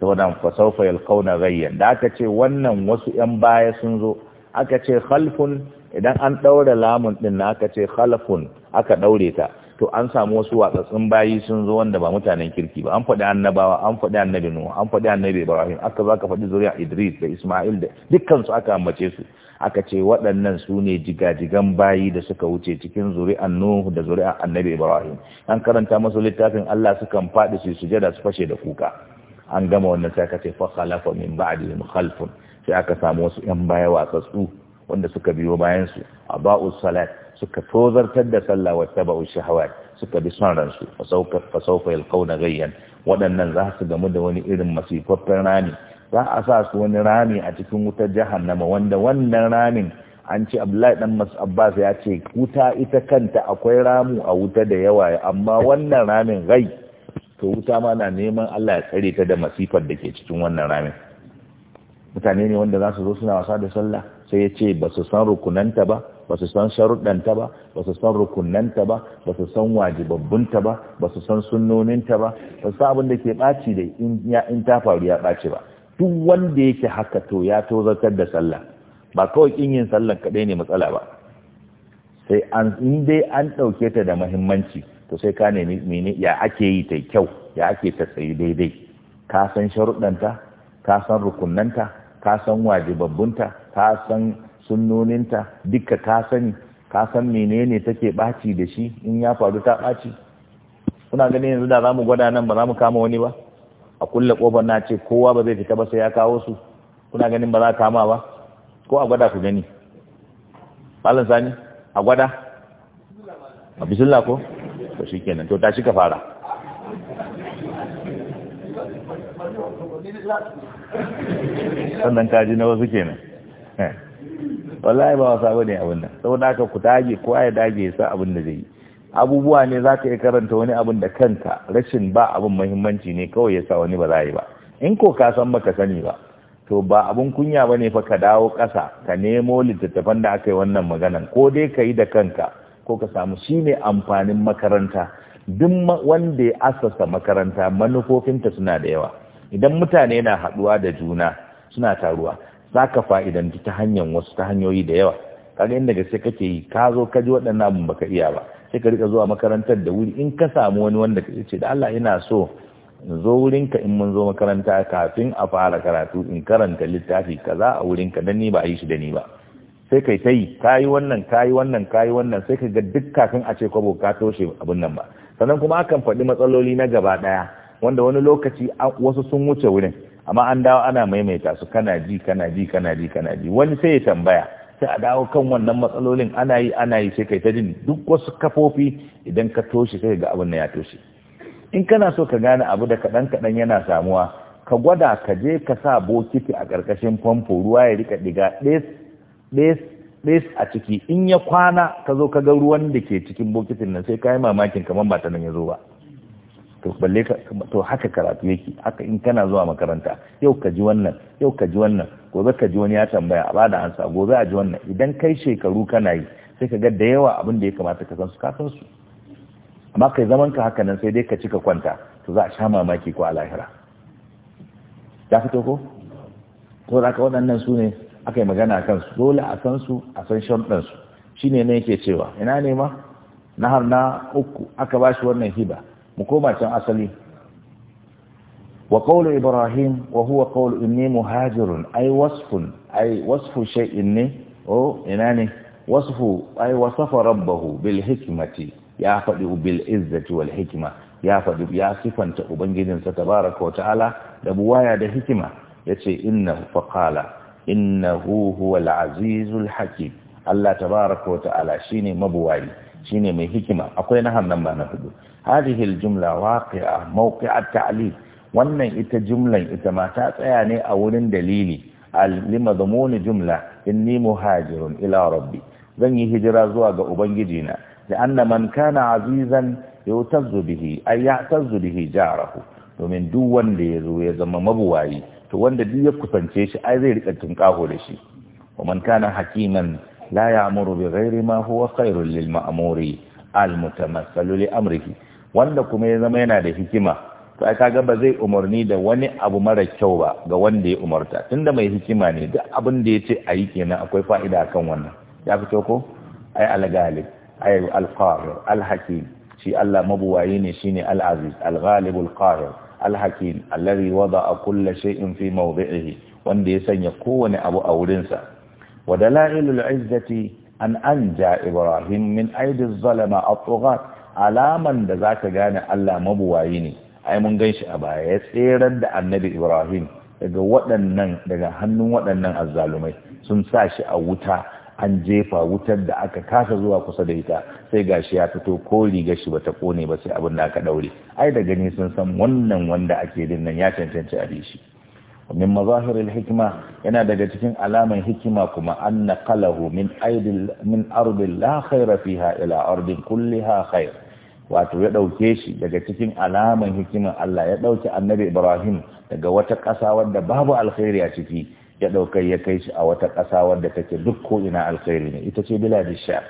saboda fasaufa yalkauna gayyan da aka ce wannan wasu yan baya sun zo aka ce khalfun idan an ɗaure lamun ɗin na aka ce khalfun aka ɗaure ta to an samu wasu watsatsun bayi sun zo wanda ba mutanen kirki ba an faɗi annabawa an faɗi annabi nuwa an faɗi annabi ibrahim aka za ka faɗi zuriya idris da isma'il da dukkansu aka ambace su aka ce waɗannan su ne jigajigan bayi da suka wuce cikin zuri'an nuhu da zuri'an annabi ibrahim an karanta masu littafin allah sukan faɗi su sujada su fashe da kuka an gama wannan sai aka ce fa min ba'dihim khalfun sai aka samu wasu yan baya watsatsu wanda suka biyo bayan su aba'u salat suka tozartar da sallah wa tabu shahawat suka bi son ransu fa sauka fa yalqawna ghayyan waɗannan za su gamu da wani irin masifaffen rami za a sa su wani rami a cikin wutar jahannama wanda wannan ramin an ce abdullahi dan abbas ya ce wuta ita kanta akwai ramu a wuta da yawa amma wannan ramin rai to wuta ma na neman Allah ya tsare ta da masifar da ke cikin wannan ramin mutane ne wanda za su zo suna wasa da sallah sai ya ce ba su san rukunanta ba ba su san sharuɗanta ba ba su san rukunanta ba ba su san wajibabbunta ba ba su san sunnoninta ba ba su san abin da ke ɓaci da in ta faru ya ɓaci ba duk wanda yake haka to ya tozartar da sallah ba kawai kin yin sallah kaɗai ne matsala ba sai an dai an ɗauke ta da muhimmanci to sai ka nemi mene ya ake yi ta kyau ya ake ta tsaye daidai ka san sharuɗanta ka san rukunanta ka san wajibabbunta ka san sunnoninta duka ka sani ka san menene take ɓaci da shi in ya faru ta ɓaci kuna ganin yanzu da za mu gwada nan ba za mu kama wani ba a kulle kofar na ce kowa ba zai fita ba sai ya kawo su kuna ganin ba za a kama ba ko a gwada ku gani malam sani a gwada a bisullah ko to shi kenan to tashi ka fara sannan kaji na wasu kenan eh. wallahi ba wasa bane abin nan saboda haka ku dage kowa ya dage ya sa abin da zai yi abubuwa ne za ka iya karanta wani abin da kanka rashin ba abin mahimmanci ne kawai ya sa wani ba za yi ba in ko ka san baka sani ba to ba abin kunya ba ne fa ka dawo ƙasa ka nemo littattafan da aka yi wannan maganan ko dai ka yi da kanka ko ka samu shi ne amfanin makaranta duk wanda ya asasa makaranta manufofinta suna da yawa idan mutane na haɗuwa da juna suna taruwa za ka fa'idanci ta hanyar wasu ta hanyoyi da yawa kaga inda gaske kake yi ka zo ka ji waɗannan abin baka iya ba sai ka rika zuwa makarantar da wuri in ka samu wani wanda ka ce da Allah ina so in zo wurinka in mun zo makaranta kafin a fara karatu in karanta littafi kaza a wurinka dan ni ba a yi shi da ni ba sai kai ta yi ka yi wannan ka yi wannan ka yi wannan sai ka ga duk kafin a ce kwabo ka toshe abin nan ba sannan kuma akan faɗi matsaloli na gaba ɗaya wanda wani lokaci wasu sun wuce wurin amma an dawo ana maimaita su kana ji kana ji kana ji kana ji wani sai ya tambaya sai a dawo kan wannan matsalolin ana yi ana yi sai kai ta jin duk wasu kafofi idan ka toshe sai ga abin nan ya toshe in kana so ka gane abu da kaɗan kaɗan yana samuwa ka gwada ka je ka sa bokiti a ƙarƙashin famfo ruwa ya rika ɗiga ɗaya ɗes a ciki in ya kwana ka zo kaga ruwan da ke cikin bokitin nan sai ka yi mamakin kamar ba ta nan ya zo ba to balle to haka karatu yake haka in kana zuwa makaranta yau ka ji wannan yau ka ji wannan gobe ka ji wani ya tambaya a bada ansa gobe a ji wannan idan kai shekaru kana yi sai ka ga da yawa abin da ya kamata ka san su ka san su amma kai zaman ka haka nan sai dai ka ci ka kwanta to za a sha mamaki ko a lahira ya fito ko to da ka waɗannan su ne aka yi magana a kansu dole a san su a san shamɗansu shi ne na yake cewa ina ne ma na har na uku aka ba shi wannan hiba mu koma can asali wa qawlu ibrahim wa huwa qawlu inni muhajirun ay wasfun ay wasfu shay'in ne o oh, ina ne wasfu ay wasafa rabbahu bil hikmati ya faɗi bil izzati wal hikma ya faɗi ya sifanta ubangijinsa tabaraka wa ta'ala da buwaya da hikima yace innahu faqala إنه هو العزيز الحكيم الله تبارك وتعالى شيني مبواي شيني مهكما أقول نحن نما نفدو هذه الجملة واقعة موقع التعليم وأن إت جملة إت ما يعني أول دليل لما ضمون جملة إني مهاجر إلى ربي زني هجرة زواج أبنجينا لأن من كان عزيزا يعتز به أي يعتز به جاره ومن دون ليزو يزم مبواي to wanda duk ya kusance shi ai zai rika tunƙaho da shi wa man kana hakiman la ya'muru bi ghairi ma huwa khairul lil ma'muri al mutamassalu li amrihi wanda kuma ya zama yana da hikima to ai kaga ba zai umarni da wani abu mara kyau ba ga wanda ya umarta tunda mai hikima ne duk abin da yace ayi kenan akwai fa'ida akan wannan ya fito ko ai al ai al-qahir shi Allah mabuwaye ne shine al-aziz al-ghalib al-qahir alhakim alladhi wada'a kulla shay'in fi mawdi'ihi wanda ya sanya kowane abu a wurinsa wa dalailul izzati an anja ibrahim min aidi zalama at-tughat alaman da zaka gane Allah mabuwayi ne ai mun ganshi a baya ya tserar da annabi ibrahim daga waɗannan daga hannun waɗannan azzalumai sun sa shi a wuta an jefa wutar da aka kasa zuwa kusa da ita sai gashi ya fito ko rigar shi bata kone ba sai abin da aka daure ai da gani sun san wannan wanda ake din nan ya cancanci a dishi min mazahiril hikma yana daga cikin alaman hikima kuma an naqalahu min aidil min ardil la khaira fiha ila ardin kulliha khair wato ya dauke shi daga cikin alaman hikiman Allah ya dauke annabi Ibrahim daga wata ƙasa wadda babu alkhairi a ciki ya ɗaukai ya kai shi a wata ƙasa wadda take duk ko ina alkhairi ne ita ce biladi sha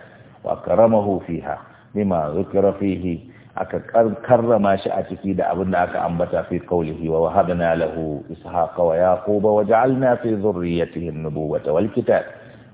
wa karamahu fiha bima zukira fihi aka karrama shi a ciki da abin da aka ambata fi qawlihi wa wahabna lahu ishaqa wa yaquba wa ja'alna fi dhurriyyatihi an-nubuwata wal kitab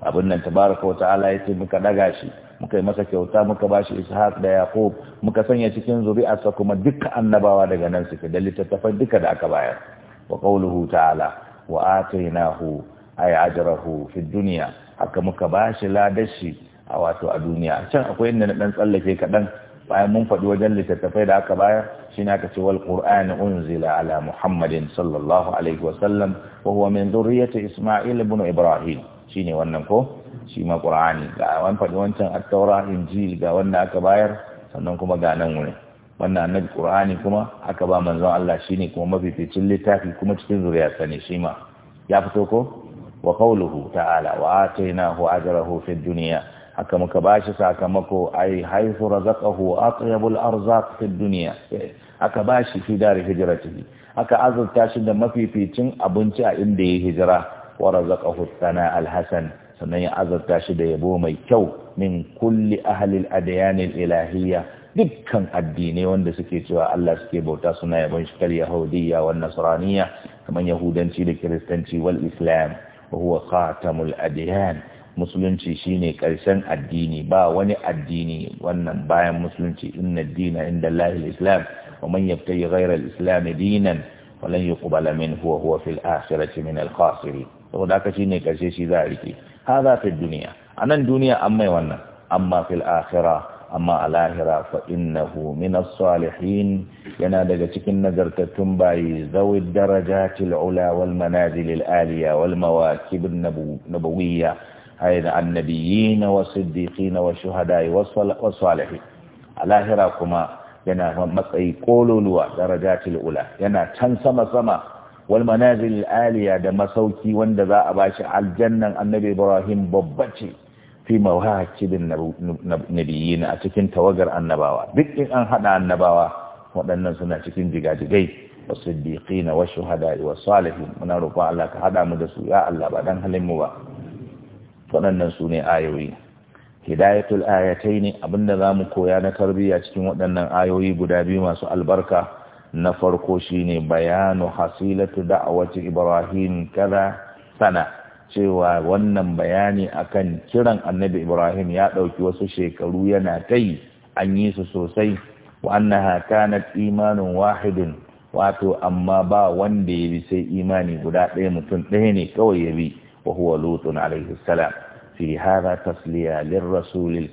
abin nan tabaraka wa ta'ala yace muka daga shi muka yi masa kyauta muka bashi ishaq da yaqub muka sanya cikin zuri'arsa kuma duka annabawa daga nan suke da littattafan duka da aka bayar wa qawluhu ta'ala wa atainahu ay ajrahu fi dunya muka bashi ladashi a wato a duniya can akwai inda na dan tsallake kadan bayan mun faɗi wajen littattafai da aka bayar shine aka ce wal qur'ani unzila ala muhammadin sallallahu alaihi wa sallam wa huwa min dhurriyyati isma'il ibn ibrahim shine wannan ko shi ma qur'ani ga wani fadi wancan at-taura injil ga wanda aka bayar sannan kuma ga nan wurin wannan annabi qur'ani kuma aka ba manzon Allah shine kuma mafificin littafi kuma cikin zuriya sane shi ma ya fito ko wa qawluhu ta'ala wa atainahu ajrahu fid dunya haka muka bashi sakamako ai haythu razaqahu atyabul arzaq fid dunya aka bashi fi dar hijratihi aka azurta shi da mafificin abinci a inda ya hijira wa razaqahu sana alhasan sannan ya azurta shi da yabo mai kyau min kulli ahli al ilahiyya dukkan addinai wanda suke cewa Allah suke bauta suna yabon shi kal yahudiyya wa nasraniyya kamar yahudanci da kiristanci wal islam wa huwa khatamul adyan musulunci shine karshen addini ba wani addini wannan bayan musulunci inna dina inda Allahil islam wa man yabtaji ghayra al islam dinan falan yuqbala minhu wa huwa fil akhirati min al khasirin shi haka shine karshe shi za a rike hadha fi dunya anan duniya an mai wannan amma fil akhirah amma a lahira fa innahu min salihin yana daga cikin nagartattun bayi zawi darajatil ula wal manazil aliya wal mawakib an nabawiyya hayy annabiyyin was siddiqin was shuhada wasu salihin a lahira kuma yana matsayi kololuwa darajatil yana can sama sama wal manazil aliya da masauki wanda za a bashi aljannan annabi ibrahim babbace fi mawakilin nabiyina a cikin tawagar annabawa duk in an hada annabawa waɗannan suna cikin jigajigai wa na wa shuhada wa salihin muna roƙon Allah ka hada mu da su ya Allah ba dan halin mu ba waɗannan su ne ayoyi hidayatul ayataini abinda zamu koya na tarbiyya cikin waɗannan ayoyi guda biyu masu albarka na farko shine bayanu hasilatu da'awati ibrahim kaza sana cewa wannan bayani akan kiran annabi ibrahim ya ɗauki wasu shekaru yana ta yi an yi su sosai wa haka na imanin wahidin wato amma ba wanda ya bi sai imani guda ɗaya mutum ɗaya ne kawai ya bi wa huwa lutun alaihi salam fi tasliya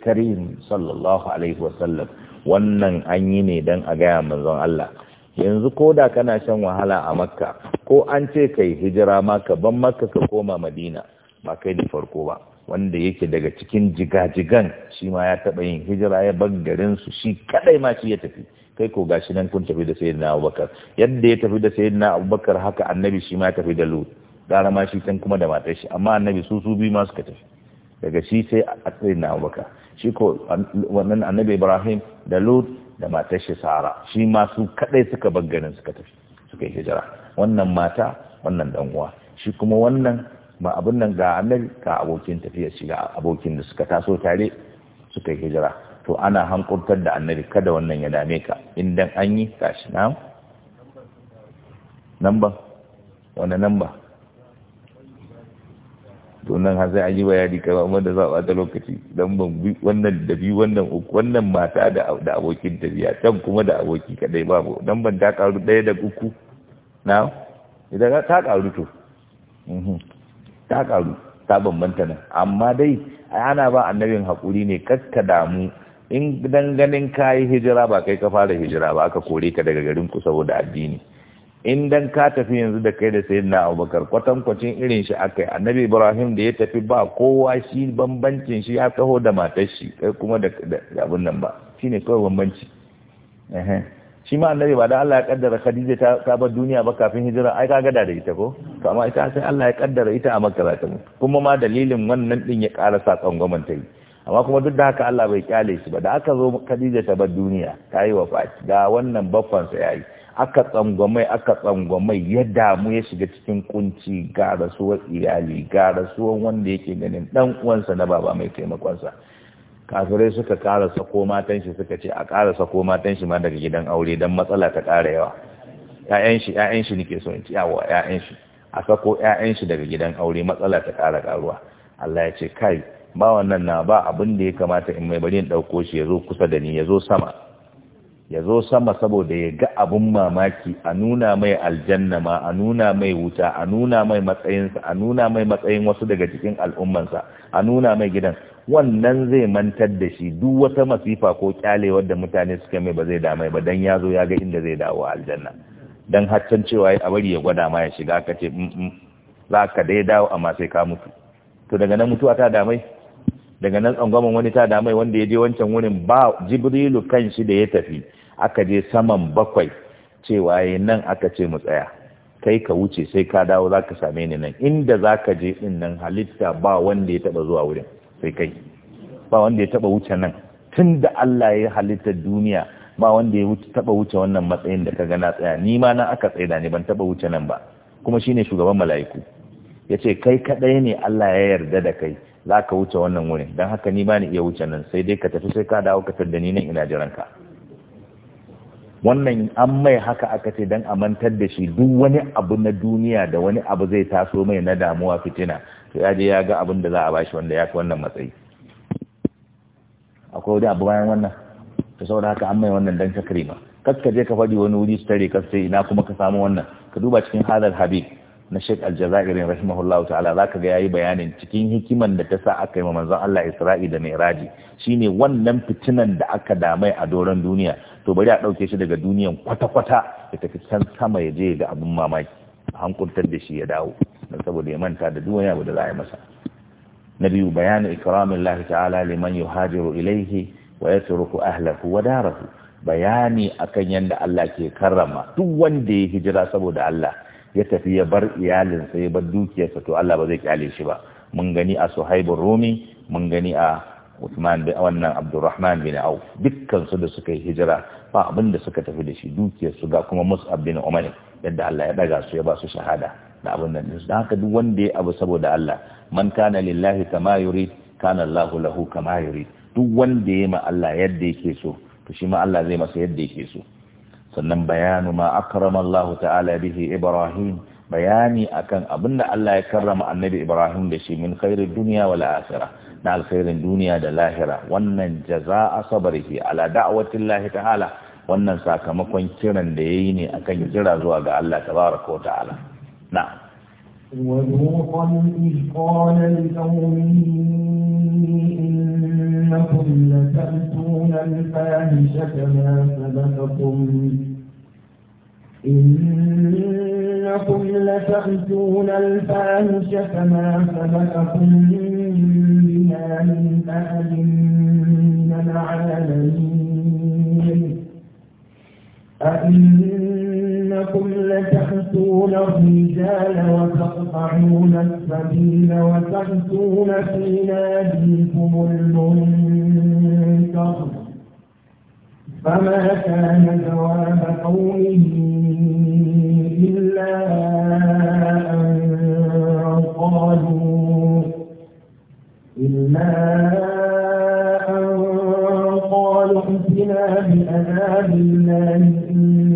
karim sallallahu alaihi wasallam wannan an yi ne dan a gaya manzon Allah yanzu ko da kana shan wahala a makka ko an ce kai hijira ma ka ban makka ka koma madina ba kai da farko ba wanda yake daga cikin jigajigan shi ma ya taɓa yin hijira ya bar garin su shi kadai ma shi ya tafi kai ko gashi nan kun tafi da sayyidina abubakar yadda ya tafi da sayyidina abubakar haka annabi shi ma ya tafi da lut gara ma shi can kuma da matar shi amma annabi su su biyu ma suka tafi daga shi sai a sayyidina abubakar shi ko wannan annabi ibrahim da lut da matar shi sara shi ma su kadai suka bar suka tafi suka yi hijira wannan mata wannan dan uwa shi kuma wannan ma abin nan ga annabi ga abokin tafiya shi ga abokin da suka taso tare suka yi hijira to ana hankurtar da annabi kada wannan ya dame ka in dan an yi gashi na namba wani namba to nan har sai an yi bayani kai amma da za a lokaci dan ban bi wannan da bi wannan uku wannan mata da da abokin biya can kuma da aboki kadai babu dan ban ta karu daya da uku na idan ta karu to mhm. ta karu ta bambanta nan amma dai ana ba annabin hakuri ne kakka damu in dan ganin kayi hijira ba kai ka fara hijira ba aka kore ka daga garin ku saboda addini in dan ka tafi yanzu da kai da sayyidina abubakar kwatankwacin irin shi aka yi annabi ibrahim da ya tafi ba kowa shi bambancin shi ya taho da matar shi kai kuma da abin nan ba shine kawai bambanci shi ma annabi ba da Allah ya kaddara khadija ta saba duniya ba kafin hijira ai ka gada da ita ko to amma ita sai Allah ya kaddara ita a makka ta mu kuma ma dalilin wannan din ya kara sa tsangwaman ta yi amma kuma duk da haka Allah bai kyale shi ba da aka zo khadija ta bar duniya ta yi wafati ga wannan baffansa yi. aka tsangwamai aka tsangwamai ya damu ya shiga cikin kunci ga rasuwar iyali ga rasuwar wanda yake ganin dan uwansa na baba mai taimakonsa kafirai suka kara sako matan shi suka ce a kara sako matan shi ma daga gidan aure dan matsala ta kara yawa ƴaƴan shi ƴaƴan shi nake so in ci yawa ƴaƴan shi a sako ƴaƴan shi daga gidan aure matsala ta kara karuwa Allah ya ce kai ba wannan na ba abin da ya kamata in mai bari in dauko shi ya zo kusa da ni ya zo sama ya zo sama saboda ya ga abun mamaki a nuna mai aljanna ma a nuna mai wuta a nuna mai matsayinsa a nuna mai matsayin wasu daga cikin al'ummansa a nuna mai gidan wannan zai mantar da shi duk wata masifa ko kyale da mutane suka mai ba zai damai ba dan ya zo ya ga inda zai dawo aljanna dan haccan cewa ya bari ya gwada ma ya shiga ka ce mm, mm, za ka dai dawo amma sai ka mutu to daga nan mutuwa ta damai daga nan tsangwamin wani ta damai wanda ya je wancan wurin ba jibrilu kan shi da ya tafi aka je saman bakwai cewa yayi nan aka ce mu tsaya kai ka wuce sai ka dawo za ka same ni nan inda za ka je din nan halitta ba wanda ya taba zuwa wurin sai kai ba wanda ya taba wuce nan tunda Allah ya halitta duniya ba wanda ya taba wuce wannan matsayin da ka ga na tsaya ni ma na aka da ne ban taba wuce nan ba kuma shine shugaban mala'iku Ya ce kai kadai ne Allah ya yarda da kai za ka wuce wannan wurin Don haka ni ba ni iya wuce nan sai dai ka tafi sai ka dawo ka tada ni nan ina jiranka. ka wannan an mai haka aka ce don a mantar da shi duk wani abu na duniya da wani abu zai taso mai na damuwa fitina to ya je ya ga abin da za a bashi wanda ya fi wannan matsayi akwai wani abu bayan wannan ta saboda haka an mai wannan dan kakrima kas ka je ka faɗi wani wuri su tare kas ina kuma ka samu wannan ka duba cikin halar habib na Sheikh Aljazairi rahimahullahu ta'ala za ka ga yi bayanin cikin hikiman da ta sa aka yi manzon Allah Isra'i da Mi'raji shine wannan fitinan da aka damai a doron duniya to bari a ɗauke shi daga duniyan kwata-kwata ya tafi can sama ya je ga abin mamaki a hankuntar da shi ya dawo don saboda ya manta da duniya abu da za a yi masa na biyu bayanin ikramin lahi ta'ala liman yuhajiru ilaihi wa yasruku ahlahu wa darahu bayani akan yadda Allah ke karrama duk wanda ya hijira saboda Allah ya tafi ya bar iyalinsa ya bar dukiyarsa to Allah ba zai kyale shi ba mun gani a Suhaibur Rumi mun gani a Uthman da wannan abdulrahman bin Auf dukkan su da suka yi hijira ba abin da suka tafi da shi dukiyar su ga kuma Mus'ab bin Umar yadda Allah ya daga su ya ba su shahada da abin nan din dan haka duk wanda ya abu saboda Allah man kana lillahi kama yurid kana Allah lahu kama yurid duk wanda ya ma Allah yadda yake so to shi ma Allah zai masa yadda yake so sannan bayanu ma akrama Allah ta'ala bihi Ibrahim bayani akan abinda Allah ya karrama annabi Ibrahim da shi min khairid dunya wal akhirah na alkhairin duniya da lahira wannan jaza'a sabrihi ala da'watillahi ta'ala wannan sakamakon kiran da yayi ne akan jira zuwa ga Allah tabaraka wa ta'ala na ونوحا إذ قال لقومه إنكم لتأتون الفاحشة ما سبقكم إنكم لتأتون الفاحشة ما سبقكم بها من أهل من العالمين أئنكم لتأتون الرجال وتقطعون السبيل وتأتون في ناديكم المنكر فما كان جواب قومه إلا أن قالوا إلا أن قالوا ائتنا بأذاب الله إن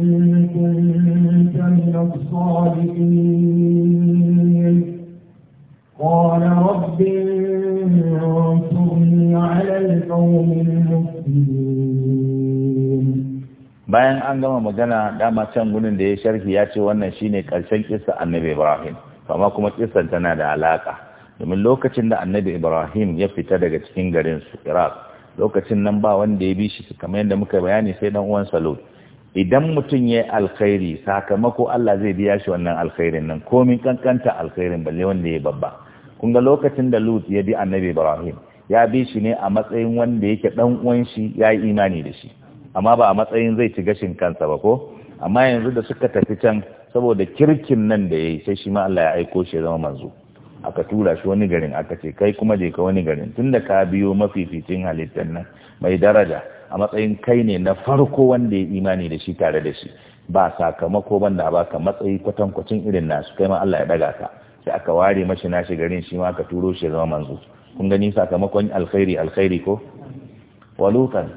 bayan an gama magana dama can gurin da ya sharhi ya ce wannan shine karshen kisa annabi Ibrahim amma kuma kissan tana da alaka domin lokacin da annabi Ibrahim ya fita daga cikin garin su Iraq lokacin nan ba wanda ya bi shi kamar yadda muka bayani sai dan uwan Salut idan mutum ya yi alkhairi sakamako Allah zai biya shi wannan alkhairin nan komin kankanta alkhairin balle wanda ya babba kun ga lokacin da Lut ya bi annabi Ibrahim ya bi shi ne a matsayin wanda yake dan uwan shi ya yi imani da shi amma ba a matsayin zai ci gashin kansa ba ko amma yanzu da suka tafi can saboda kirkin nan da ya yi sai shi ma Allah ya aiko shi zama manzo aka tura shi wani garin aka ce kai kuma je ka wani garin tunda ka biyo mafificin halittar nan mai daraja a matsayin kai ne na farko wanda ya imani da shi tare da shi ba sakamako banda ba ka matsayi kwatankwacin irin nasu kai ma Allah ya daga ka sai aka ware mashi nashi garin shi ma aka turo shi zama manzo kun gani sakamakon alkhairi alkhairi ko walutan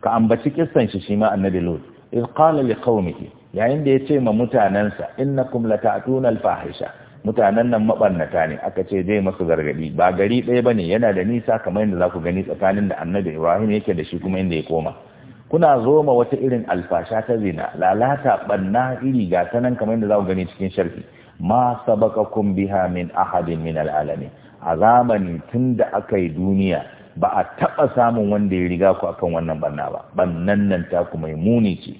ka ambaci kissan shi shi ma annabi lut iz qala li qaumihi yayin da yace ma mutanansa innakum lata'tuna al-fahisha mutanen nan mabannata ne aka ce zai masu gargadi ba gari ɗaya bane yana da nisa kamar yadda za ku gani tsakanin da annabi Ibrahim yake da shi kuma inda ya koma kuna zo ma wata irin alfasha ta zina lalata banna iri ga ta kamar yadda za ku gani cikin sharfi ma sabaqakum biha min ahadin min al'alamin a zamanin tun da aka yi duniya ba a taɓa samun wanda ya riga ku akan wannan banna ba bannan nan ta ku mai muni ce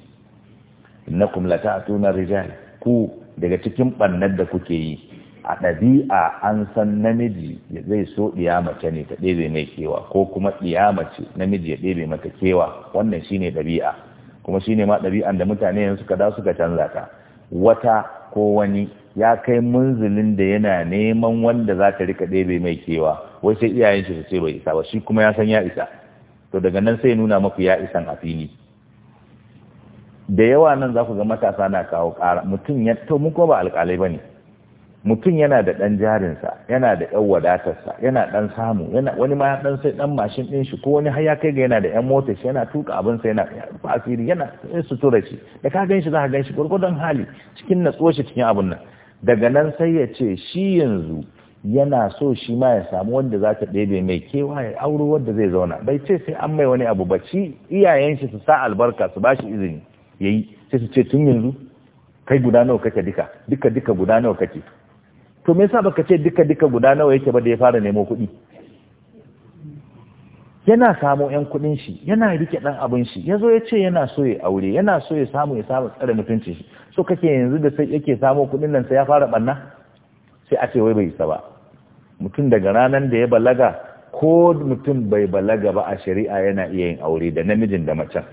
a lata'tuna rijal ku daga cikin bannar da kuke yi a ɗabi'a an san namiji zai so ɗiya mace ne ta ɗebe mai kewa ko kuma ɗiya mace namiji ya ɗebe mata kewa wannan shine ɗabi'a kuma shine ma ɗabi'an da mutane yanzu suka da suka canza ta wata ko wani ya kai munzulin da yana neman wanda za ta rika ɗebe mai kewa wai sai iyayen shi su ce bai isa ba shi kuma ya san ya isa to daga nan sai nuna maku ya isan a fili da yawa nan za ku ga matasa na kawo ƙara mutum ya to mun ba alƙalai ba ne mutum yana da ɗan jarinsa yana da ɗan wadatarsa yana ɗan samu yana wani ma ɗan sai ɗan mashin ɗin shi ko wani har ya kai ga yana da ƴan motar shi yana tuka abin sa yana fasiri yana sai sutura shi da ka gan shi za ka gan shi gurgurdan hali cikin natsuwa shi cikin abin nan daga nan sai ya ce shi yanzu yana so shi ma ya samu wanda za ta ɗebe mai kewa ya auro wanda zai zauna bai ce sai an mai wani abu ba iyayen shi su sa albarka su ba shi izini yayi sai su ce tun yanzu kai guda nawa kake duka duka duka guda nawa kake to me yasa baka ce duka duka guda nawa yake ba da ya fara nemo kuɗi yana samo yan kuɗin shi yana rike dan abin shi yazo ya ce yana so ya aure yana so ya samu ya samu tsare mutuncin shi so kake yanzu da sai yake samo kuɗin nan sai ya fara ɓanna sai a ce wai bai isa ba mutum daga ranar da ya balaga ko mutum bai balaga ba a shari'a yana iya yin aure da namijin da macen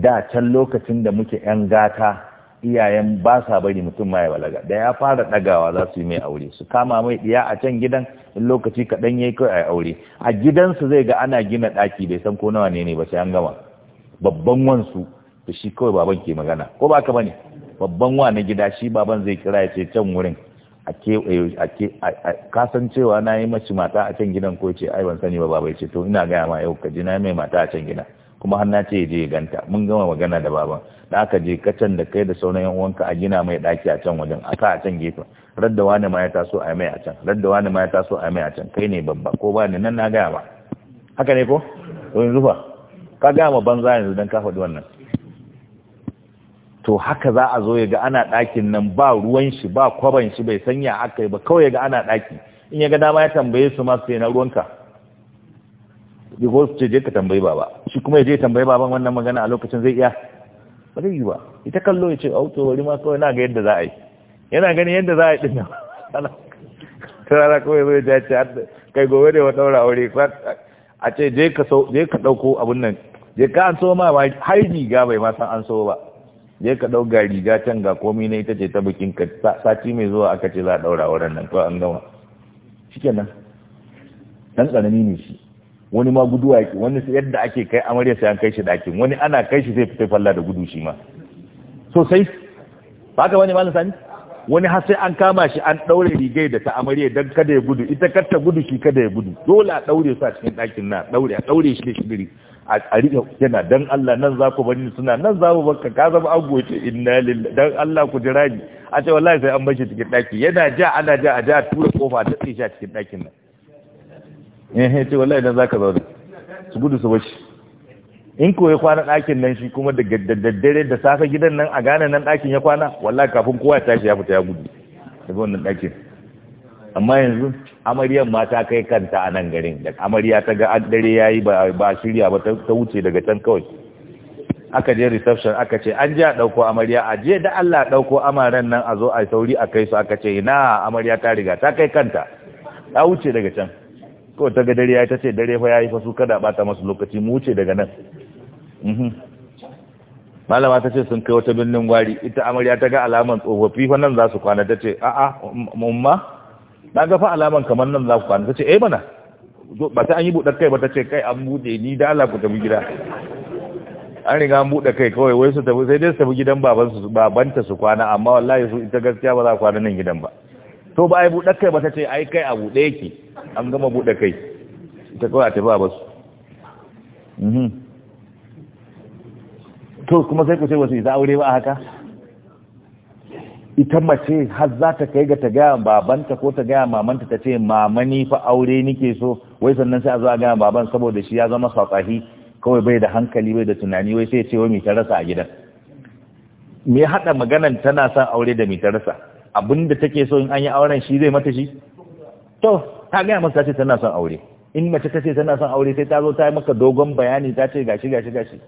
da can lokacin da muke 'yan gata iyayen ba sa bari mutum ma ya balaga da ya fara ɗagawa za su yi mai aure su kama mai ɗiya a can gidan in lokaci kaɗan ya yi kawai a aure a gidansu zai ga ana gina ɗaki bai san ko nawa ne ne ba sai an gama babban wansu da shi kawai baban ke magana ko ba ka bane babban wa na gida shi baban zai kira ya ce can wurin ka san cewa na yi mace mata a can gidan ko ce ai ban sani ba baba ce to ina gaya ma yau ka ji na yi mai mata a can gida kuma har na ce ya je ya ganta mun gama magana da baban da aka je kacan da kai da sauran yan uwanka a gina mai daki a can wajen a a can gefen radda wani ma ya taso a mai a can radda wani ma ya taso a mai a can kai ne babba ko ba ni nan na gaya ma haka ne ko yanzu fa ka gaya ma banza yanzu dan ka faɗi wannan to haka za a zo ya ga ana ɗakin nan ba ruwan shi ba kwaban shi bai sanya aka yi ba kawai ya ga ana ɗaki in ya ga dama ya tambaye su masu yana ruwanka ruwanka go su ce je ka tambayi ba shi kuma ya je tambayi baban wannan magana a lokacin zai iya ba zai yi ba ita kallo ya ce auto wari ma kawai na ga yadda za a yi yana ganin yadda za a yi ɗin nan rana kawai zai ja ce kai gobe ne wa ɗaura aure a ce je ka ɗauko abun nan je ka an so ma har riga bai ma san an so ba je ka ɗau ga riga can ga komi na ita ce ta bikin ka sati mai zuwa aka ce za a ɗaura wa nan ko an gama shikenan dan tsanani ne shi wani ma guduwa yake wani yadda ake kai amarya sai an kai shi ɗakin wani ana kai shi sai fita falla da gudu shi ma sosai ba ka wani malam sani wani har sai an kama shi an ɗaure rigai da ta amarya don kada ya gudu ita kar ta gudu shi kada ya gudu dole a ɗaure su a cikin ɗakin na ɗaure a ɗaure shi da shigiri a riƙe yana don Allah nan za ku bani suna nan za mu baka ka zama an goce inna lillahi don Allah ku jira ni a ce wallahi sai an bashi cikin ɗaki yana ja ana ja a ja tura kofa ta tsaye cikin ɗakin nan eh eh ce wallahi za ka zauna su gudu su bashi in ko ya kwana ɗakin nan shi kuma da daddare da safe gidan nan a gane nan ɗakin ya kwana wallahi kafin kowa ya tashi ya fita ya gudu daga wannan ɗakin amma yanzu amaryan ma ta kai kanta a nan garin da amarya ta ga dare ya yi ba shirya ba ta wuce daga can kawai aka je reception aka ce an a ɗauko amarya a je da Allah ɗauko amaren nan a zo a sauri a kai su aka ce na amarya ta riga ta kai kanta ta wuce daga can kawai ta ga dare ya yi ta ce dare fa ya yi fa su kada bata masu lokaci mu wuce daga nan mhm. malama ta ce sun kai wata birnin gwari ita amarya ta ga alaman tsofaffi fa nan za su kwana ta ce a'a mumma um, na ga fa alaman kamar nan za ku kwana ta ce eh mana ba ta an yi buɗar kai ba ta ce kai an buɗe ni da Allah ku tafi gida an riga an buɗe kai kawai wai su tafi sai dai su tafi gidan babansu babanta su kwana amma wallahi su ita gaskiya ba za ku kwana nan gidan ba to ba ai buɗe kai ba ta ce ai kai a buɗe yake an gama buɗe kai ita kawai a tafi a basu mhm. to kuma sai ku ce wasu ita aure ba a haka ita mace har za ta kai ga ta gaya babanta ko ta gaya mamanta ta ce mamani fa aure nike so wai sannan sai a zo a gaya baban saboda shi ya zama satsahi kawai bai da hankali bai da tunani wai sai ce wai ta rasa a gidan me haɗa maganan tana son aure da ta rasa abinda take so in an yi auren shi zai mata shi to ta gaya masa ce tana son aure in mace ta ce tana son aure sai ta zo ta yi maka dogon bayani ta ce gashi gashi gashi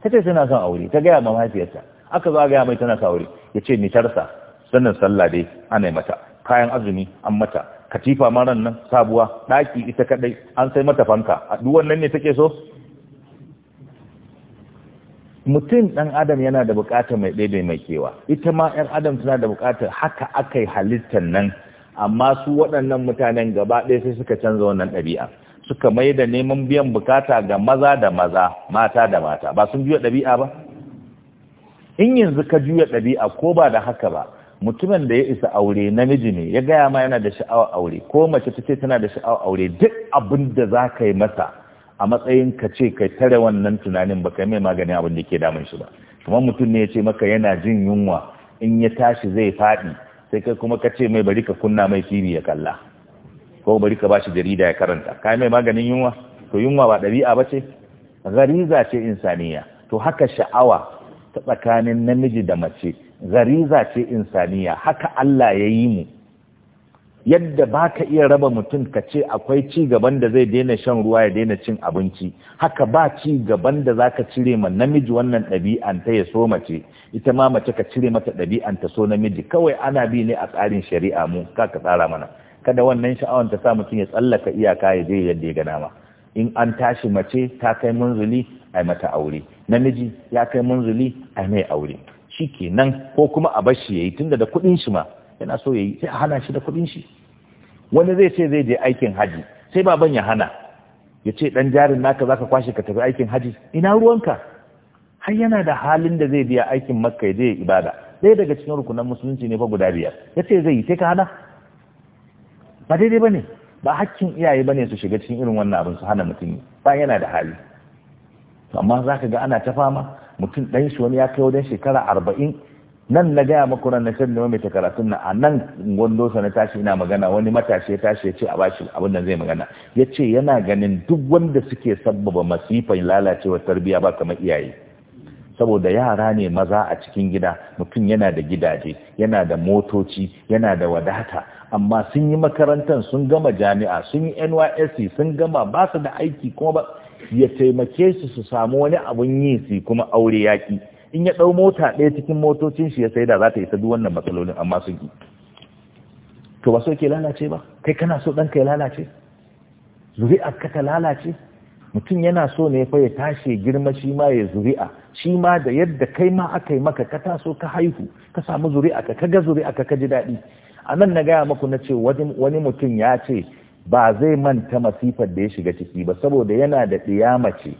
ta ce tana son aure ta gaya mahaifiyarta aka zo gaya mai tana kawuri. ya ce nitarsa sannan sallah dai ana mata kayan azumi an mata katifa maran nan sabuwa ɗaki ita kadai. an sai mata fanka a duk wannan ne take so mutum ɗan adam yana da buƙatar mai ɗaiɗai mai kewa ita ma 'yan adam suna da buƙatar haka aka yi halittar nan amma su waɗannan mutanen gaba ɗaya sai suka canza wannan ɗabi'a suka mai da neman biyan bukata ga maza da maza mata da mata ba sun biyo ɗabi'a ba in yanzu ka juya ɗabi'a ko ba da haka ba mutumin da ya isa aure namiji ne ya gaya ma yana da sha'awar aure ko mace ta ce tana da sha'awar aure duk abin da za ka yi masa a matsayin ka ce kai tare wannan tunanin ba kai mai maganin abin da ke damun shi ba kuma mutum ne ya ce maka yana jin yunwa in ya tashi zai faɗi sai kai kuma ka ce mai bari ka kunna mai tv ya kalla ko bari ka bashi jarida ya karanta kai mai maganin yunwa to yunwa ba ɗabi'a ba ce gariza ce insaniya to haka sha'awa ta tsakanin namiji da mace gariza ce insaniya haka Allah ya yi mu yadda ba ka iya raba mutum ka ce akwai ci gaban da zai daina shan ruwa ya daina cin abinci haka ba ci gaban da za ka cire ma namiji wannan ɗabi'an ta ya so mace ita ma mace ka cire mata ɗabi'an ta so namiji kawai ana bi ne a tsarin shari'a mu ka ka tsara mana kada wannan sha'awan ta sa mutum ya tsallaka iyaka ya je yadda ya gana ma in an tashi mace ta kai munzuli ai mata aure namiji ya kai munzuli a mai aure shi kenan ko kuma a bashi yi tunda da kuɗin shi ma yana so ya yi sai a hana shi da kuɗin shi wani zai ce zai je aikin haji sai baban ya hana ya ce ɗan jarin naka zaka kwashe ka tafi aikin haji ina ruwanka har yana da halin da zai biya aikin makka ya je ya ibada ɗaya daga cikin rukunan musulunci ne fa guda biyar ya ce zai yi sai ka hana ba daidai ba ne ba hakkin iyaye ba ne su shiga cikin irin wannan abin su hana mutum ba yana da hali amma za ka ga ana ta fama mutum ɗan shi wani ya kai wajen shekara arba'in nan na gaya maku ran na nema mai ta na a nan gwando sa na tashi ina magana wani matashi ya tashi ya ce a bashi abin da zai magana ya ce yana ganin duk wanda suke sabbaba masifan lalacewar tarbiyya ba kamar iyaye saboda yara ne maza a cikin gida mutum yana da gidaje yana da motoci yana da wadata amma sun yi makarantar sun gama jami'a sun yi nysc sun gama ba su da aiki kuma ba ya taimake su su samu wani abun yi su kuma aure yaƙi in ya ɗau mota ɗaya cikin motocin shi ya sai da za ta isa duk wannan matsalolin amma sun ki to ba so ke lalace ba kai kana so ɗanka ya lalace Zuri'a ka ta lalace mutum yana so ne fa ya tashi girma shi ma ya zuri'a shi ma da yadda kai ma aka yi maka ka taso ka haihu ka samu zuri'a ka ka ga zuri'a ka ka ji daɗi a nan na gaya maku na ce wani mutum ya ce ba zai manta masifar da ya shiga ciki ba saboda yana da ɗiya mace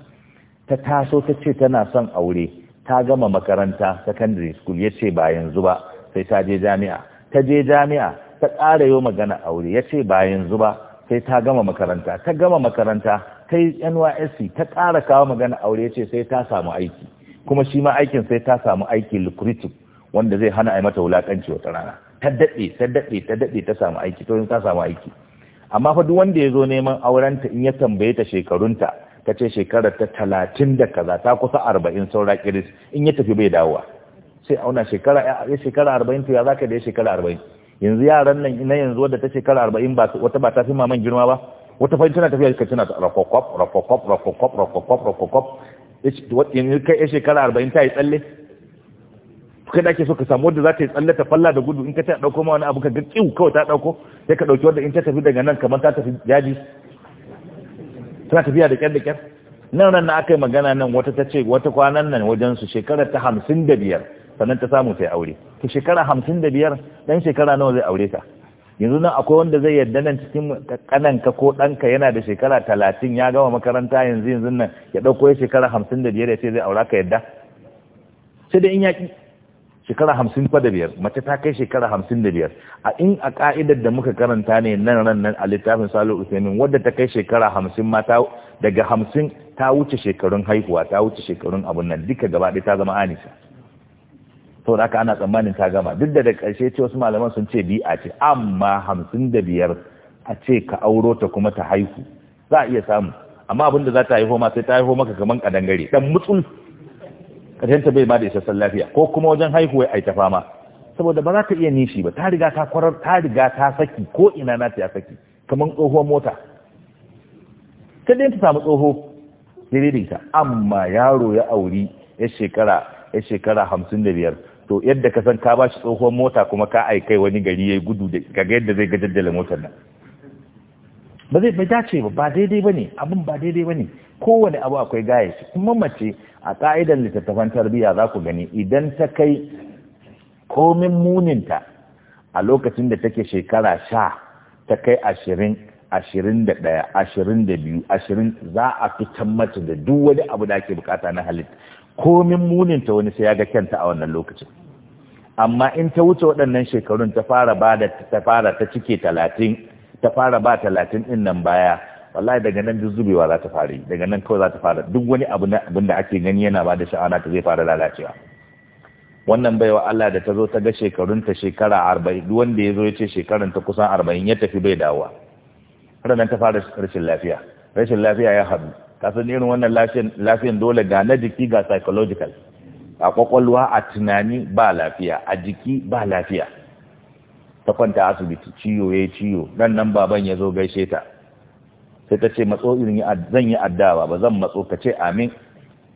ta taso ta ce tana son aure ta gama makaranta secondary school ya ce ba yanzu ba sai ta je jami'a ta je jami'a ta ƙara yau magana aure ya ce ba yanzu ba sai ta gama makaranta ta gama makaranta ta yi nysc ta ƙara kawo magana aure ya ce sai ta samu aiki kuma shi ma aikin sai ta samu aiki lucrative wanda zai hana a mata wulaƙanci wata rana ta daɗe ta daɗe ta daɗe ta samu aiki to ta samu aiki amma fa duk wanda ya zo neman aurenta in ya tambaye ta shekarunta ta ce shekarar ta talatin da kaza ta kusa arba'in saura kiris in ya tafi bai dawowa sai auna shekara ya shekara arba'in to ya zaka da ya shekara arba'in yanzu yaran nan na yanzu wadda ta shekara arba'in ba wata ba ta fi maman girma ba wata fa tana tafiya ka tana rakokwap rakokwap rakokwap rakokwap rakokwap yanzu kai ya shekara arba'in ta yi tsalle kai da so ka samu wadda za ta yi tsalle ta falla da gudu in ka ta dauko ma wani abu ka ga tsiw kawai ta dauko sai ka dauki wadda in ta tafi daga nan kamar ta tafi jaji tana tafiya da kyar da kyar nan nan na aka yi magana nan wata ta ce wata kwanan nan wajen su shekara ta hamsin da biyar sannan ta samu sai aure ta shekara hamsin da biyar dan shekara nawa zai aure ta yanzu nan akwai wanda zai yarda nan cikin kananka ko ɗanka yana da shekara talatin ya gama makaranta yanzu yanzu nan ya ɗauko ya shekara hamsin da biyar ya ce zai aura ka yarda sai da in yaƙi shekara hamsin fa da biyar mace ta kai shekara hamsin da biyar a in a ka'idar da muka karanta ne nan ran nan a littafin salo usainin wadda ta kai shekara hamsin ma ta daga hamsin ta wuce shekarun haihuwa ta wuce shekarun abun nan duka gaba ɗaya ta zama anisa to da ana tsammanin ta gama duk da da ƙarshe ce wasu malaman sun ce bi'a ce amma hamsin da biyar a ce ka auro ta kuma ta haihu za a iya samu amma abin da za ta haihu ma sai ta haihu maka kaman kadangare dan mutsul ta bai ma da isassan lafiya ko kuma wajen haihuwa a ta fama saboda ba za ta iya nishi ba ta riga ta kwarar ta riga ta saki ko ina na ta saki kamar tsohuwar mota ta ta samu tsoho daidai da ita amma yaro ya auri ya shekara ya shekara hamsin da biyar to yadda ka san ka ba shi tsohuwar mota kuma ka aikai wani gari ya gudu da ga yadda zai gajaddala motar nan ba zai bai dace ba ba daidai ba ne abin ba daidai ba ne kowane abu akwai gaya shi kuma mace a ka'idar littattafan tarbiyya za ku gani idan ta kai komin muninta a lokacin da take shekara sha ta kai ashirin ashirin da ɗaya ashirin da biyu ashirin za a fitan mata da duk wani abu da ake bukata na halitta komin muninta wani sai ya ga kyanta a wannan lokacin amma in ta wuce waɗannan shekarun ta fara ba ta fara ta cike talatin ta fara ba talatin ɗin nan baya wallahi daga nan duk zubewa za ta fara daga nan kawai za ta fara duk wani abin da ake gani yana ba da sha'ana ta zai fara lalacewa wannan baiwa Allah da ta zo ta ga shekarunta shekara arba'in duk wanda ya zo ya ce shekarun ta kusan arba'in ya tafi bai dawowa nan ta fara rashin lafiya rashin lafiya ya haɗu kasan irin wannan lafiyan dole ga na jiki ga psychological a kwakwalwa a tunani ba lafiya a jiki ba lafiya ta kwanta asibiti ciwo ya ciwo dan nan baban ya zo gaishe ta sai ta ce matso irin zan yi addawa ba zan matso ka ce amin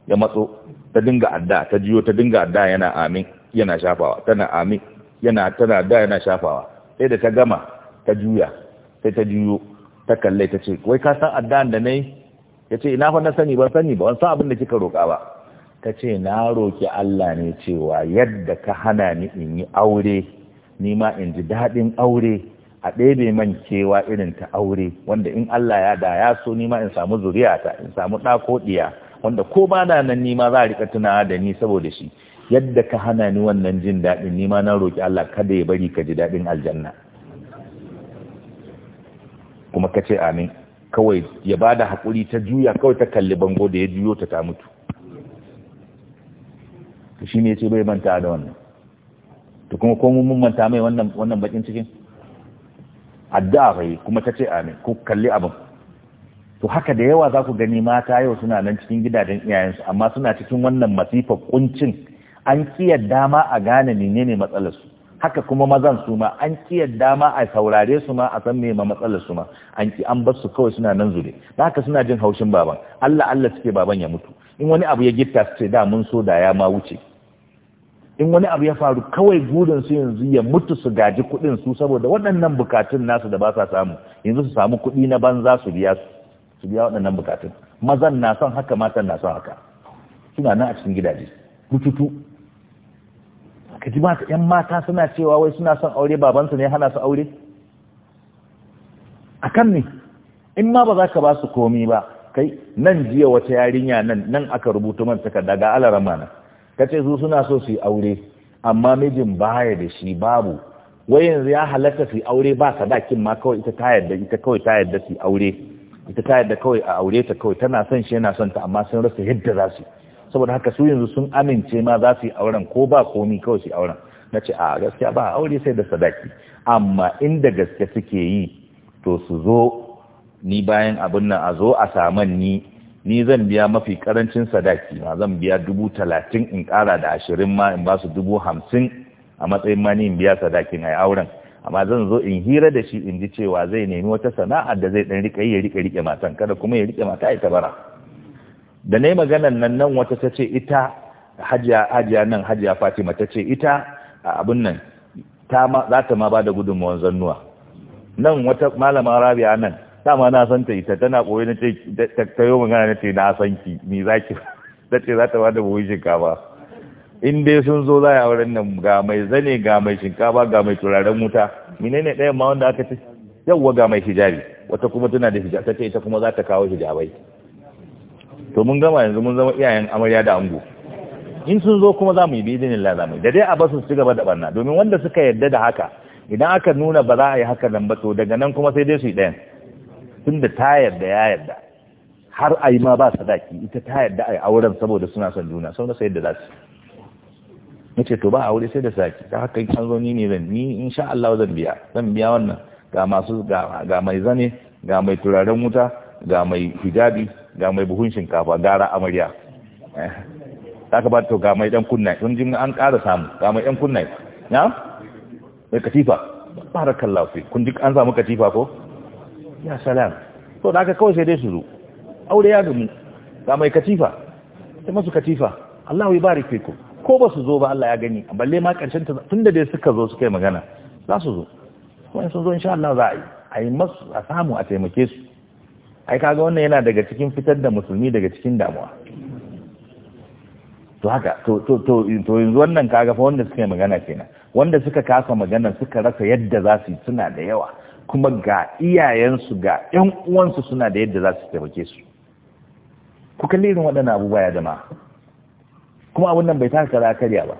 ya matso ta dinga adda ta jiyo ta dinga adda yana amin yana shafawa tana amin yana tana adda yana shafawa sai da ta gama ta juya sai ta juyo ta kalle ta ce wai ka san adda da ya ce ina fa na sani ban sani ba ban san abin da kika roka ba ta ce na roki Allah ne cewa yadda ka hana ni in yi aure ni ma in ji daɗin aure a ɗebe man cewa irin ta aure wanda in Allah ya da ya so ni ma in samu ta, in samu ɗa ko ɗiya wanda ko ba na nan ni ma za a riƙa tunawa da ni saboda shi yadda ka hana ni wannan jin daɗin ni ma na roƙi Allah kada ya bari ka ji daɗin aljanna kuma ka ce amin kawai ya ba da haƙuri ta juya kawai ta kalli bango da ya juyo ta ta mutu shi ne ce bai manta da wannan to kuma ko mun manta mai wannan wannan bakin cikin addu'a bai kuma ta ce amin ko kalli abin to haka da yawa za ku gani mata yau suna nan cikin gidajen iyayensu amma suna cikin wannan masifa kuncin an kiyar dama a gane menene matsalarsu haka kuma mazan su ma an kiyar dama a saurare su ma a san me ma matsalar su ma an ki an bar su kawai suna nan zure haka suna jin haushin baban Allah Allah suke baban ya mutu in wani abu ya gitta su ce da mun so da ya ma wuce in wani abu ya faru kawai gudun su yanzu ya mutu su gaji kudin su saboda waɗannan bukatun nasu da ba sa samu yanzu su samu kuɗi na banza su biya su biya waɗannan bukatun mazan na son haka matan na son haka suna nan a cikin gidaje rututu ka ji mata yan mata suna cewa wai suna son aure babansu ne hana su aure a kan ne in ma ba za ka ba su komi ba kai nan jiya wata yarinya nan nan aka rubuta man takarda ga alarama na Ka ce su suna so su yi aure amma mijin baya da shi babu wai yanzu ya halarta su yi aure ba sadakin ma kawai ita ta yarda ita kawai ta yarda su yi aure ita ta yarda kawai a aure ta kawai tana son shi yana son ta amma sun rasa yadda za su saboda haka su yanzu sun amince ma za su yi auren ko ba komi kawai su yi auren na ce a gaskiya ba aure sai da sadaki amma inda gaske suke yi to su zo ni bayan abin nan a zo a saman ni ni zan biya mafi karancin sadaki ma zan biya dubu talatin in ƙara da ashirin ma in basu dubu hamsin a matsayin ma ni in biya sadakin a auren amma zan zo in hira da shi in ji cewa zai nemi wata sana'a da zai dan riƙa ya riƙe riƙe matan kada kuma ya riƙe mata ita bara da na yi maganan nan nan wata ta ce ita hajiya hajiya nan hajiya fatima ta ce ita a abin nan ta za ta ma ba da gudunmawar zannuwa nan wata malama rabia nan dama na san ta ita tana koyi na ce ta yi magana na ce na san ki ni za ki ta ce za ta ba da buhun shinkafa in dai sun zo za a auren nan ga mai zane ga mai shinkafa ga mai turaren wuta menene ɗaya ma wanda aka ce yawwa ga mai hijabi wata kuma tana da hijabi ta ce ita kuma za ta kawo hijabai to mun gama yanzu mun zama iyayen amarya da ango in sun zo kuma za mu yi bidinin lazami da dai a basu su gaba da barna domin wanda suka yarda da haka idan aka nuna ba za a yi haka nan ba to daga nan kuma sai dai su yi ɗayan tunda ta yarda ya yarda har a yi ma ba sadaki ita ta yarda a yi auren saboda suna son juna sau da sai da za su na ce to ba a wuri sai da sadaki ta haka yi an zo ni ne zan ni in sha Allah zan biya zan biya wannan ga masu ga mai zane ga mai turaren wuta ga mai hijabi ga mai buhun shinkafa gara amarya ta eh. ka ba to ga mai dan kunna sun jin an ƙara samu ga mai dan kunna na mai katifa barakallahu fi kun duk an samu katifa ko ya salam to da aka kawai sai dai su zo aure ya gumi ga mai katifa sai masu katifa Allah ya barik fiku ko ba su zo ba Allah ya gani balle ma karshen ta tunda dai suka zo suka yi magana za su zo kuma sun zo insha Allah za a yi a yi masu a samu a taimake su ai kaga wannan yana daga cikin fitar da musulmi daga cikin damuwa to haka to to to to yanzu wannan kaga fa wanda suka yi magana kenan wanda suka kasa magana suka rasa yadda za su yi suna da yawa kuma ga iyayensu ga ‘yan uwansu suna da yadda za su taimake su ku kalli irin waɗannan abubuwa ya dama. kuma abin nan bai taka kaza karya ba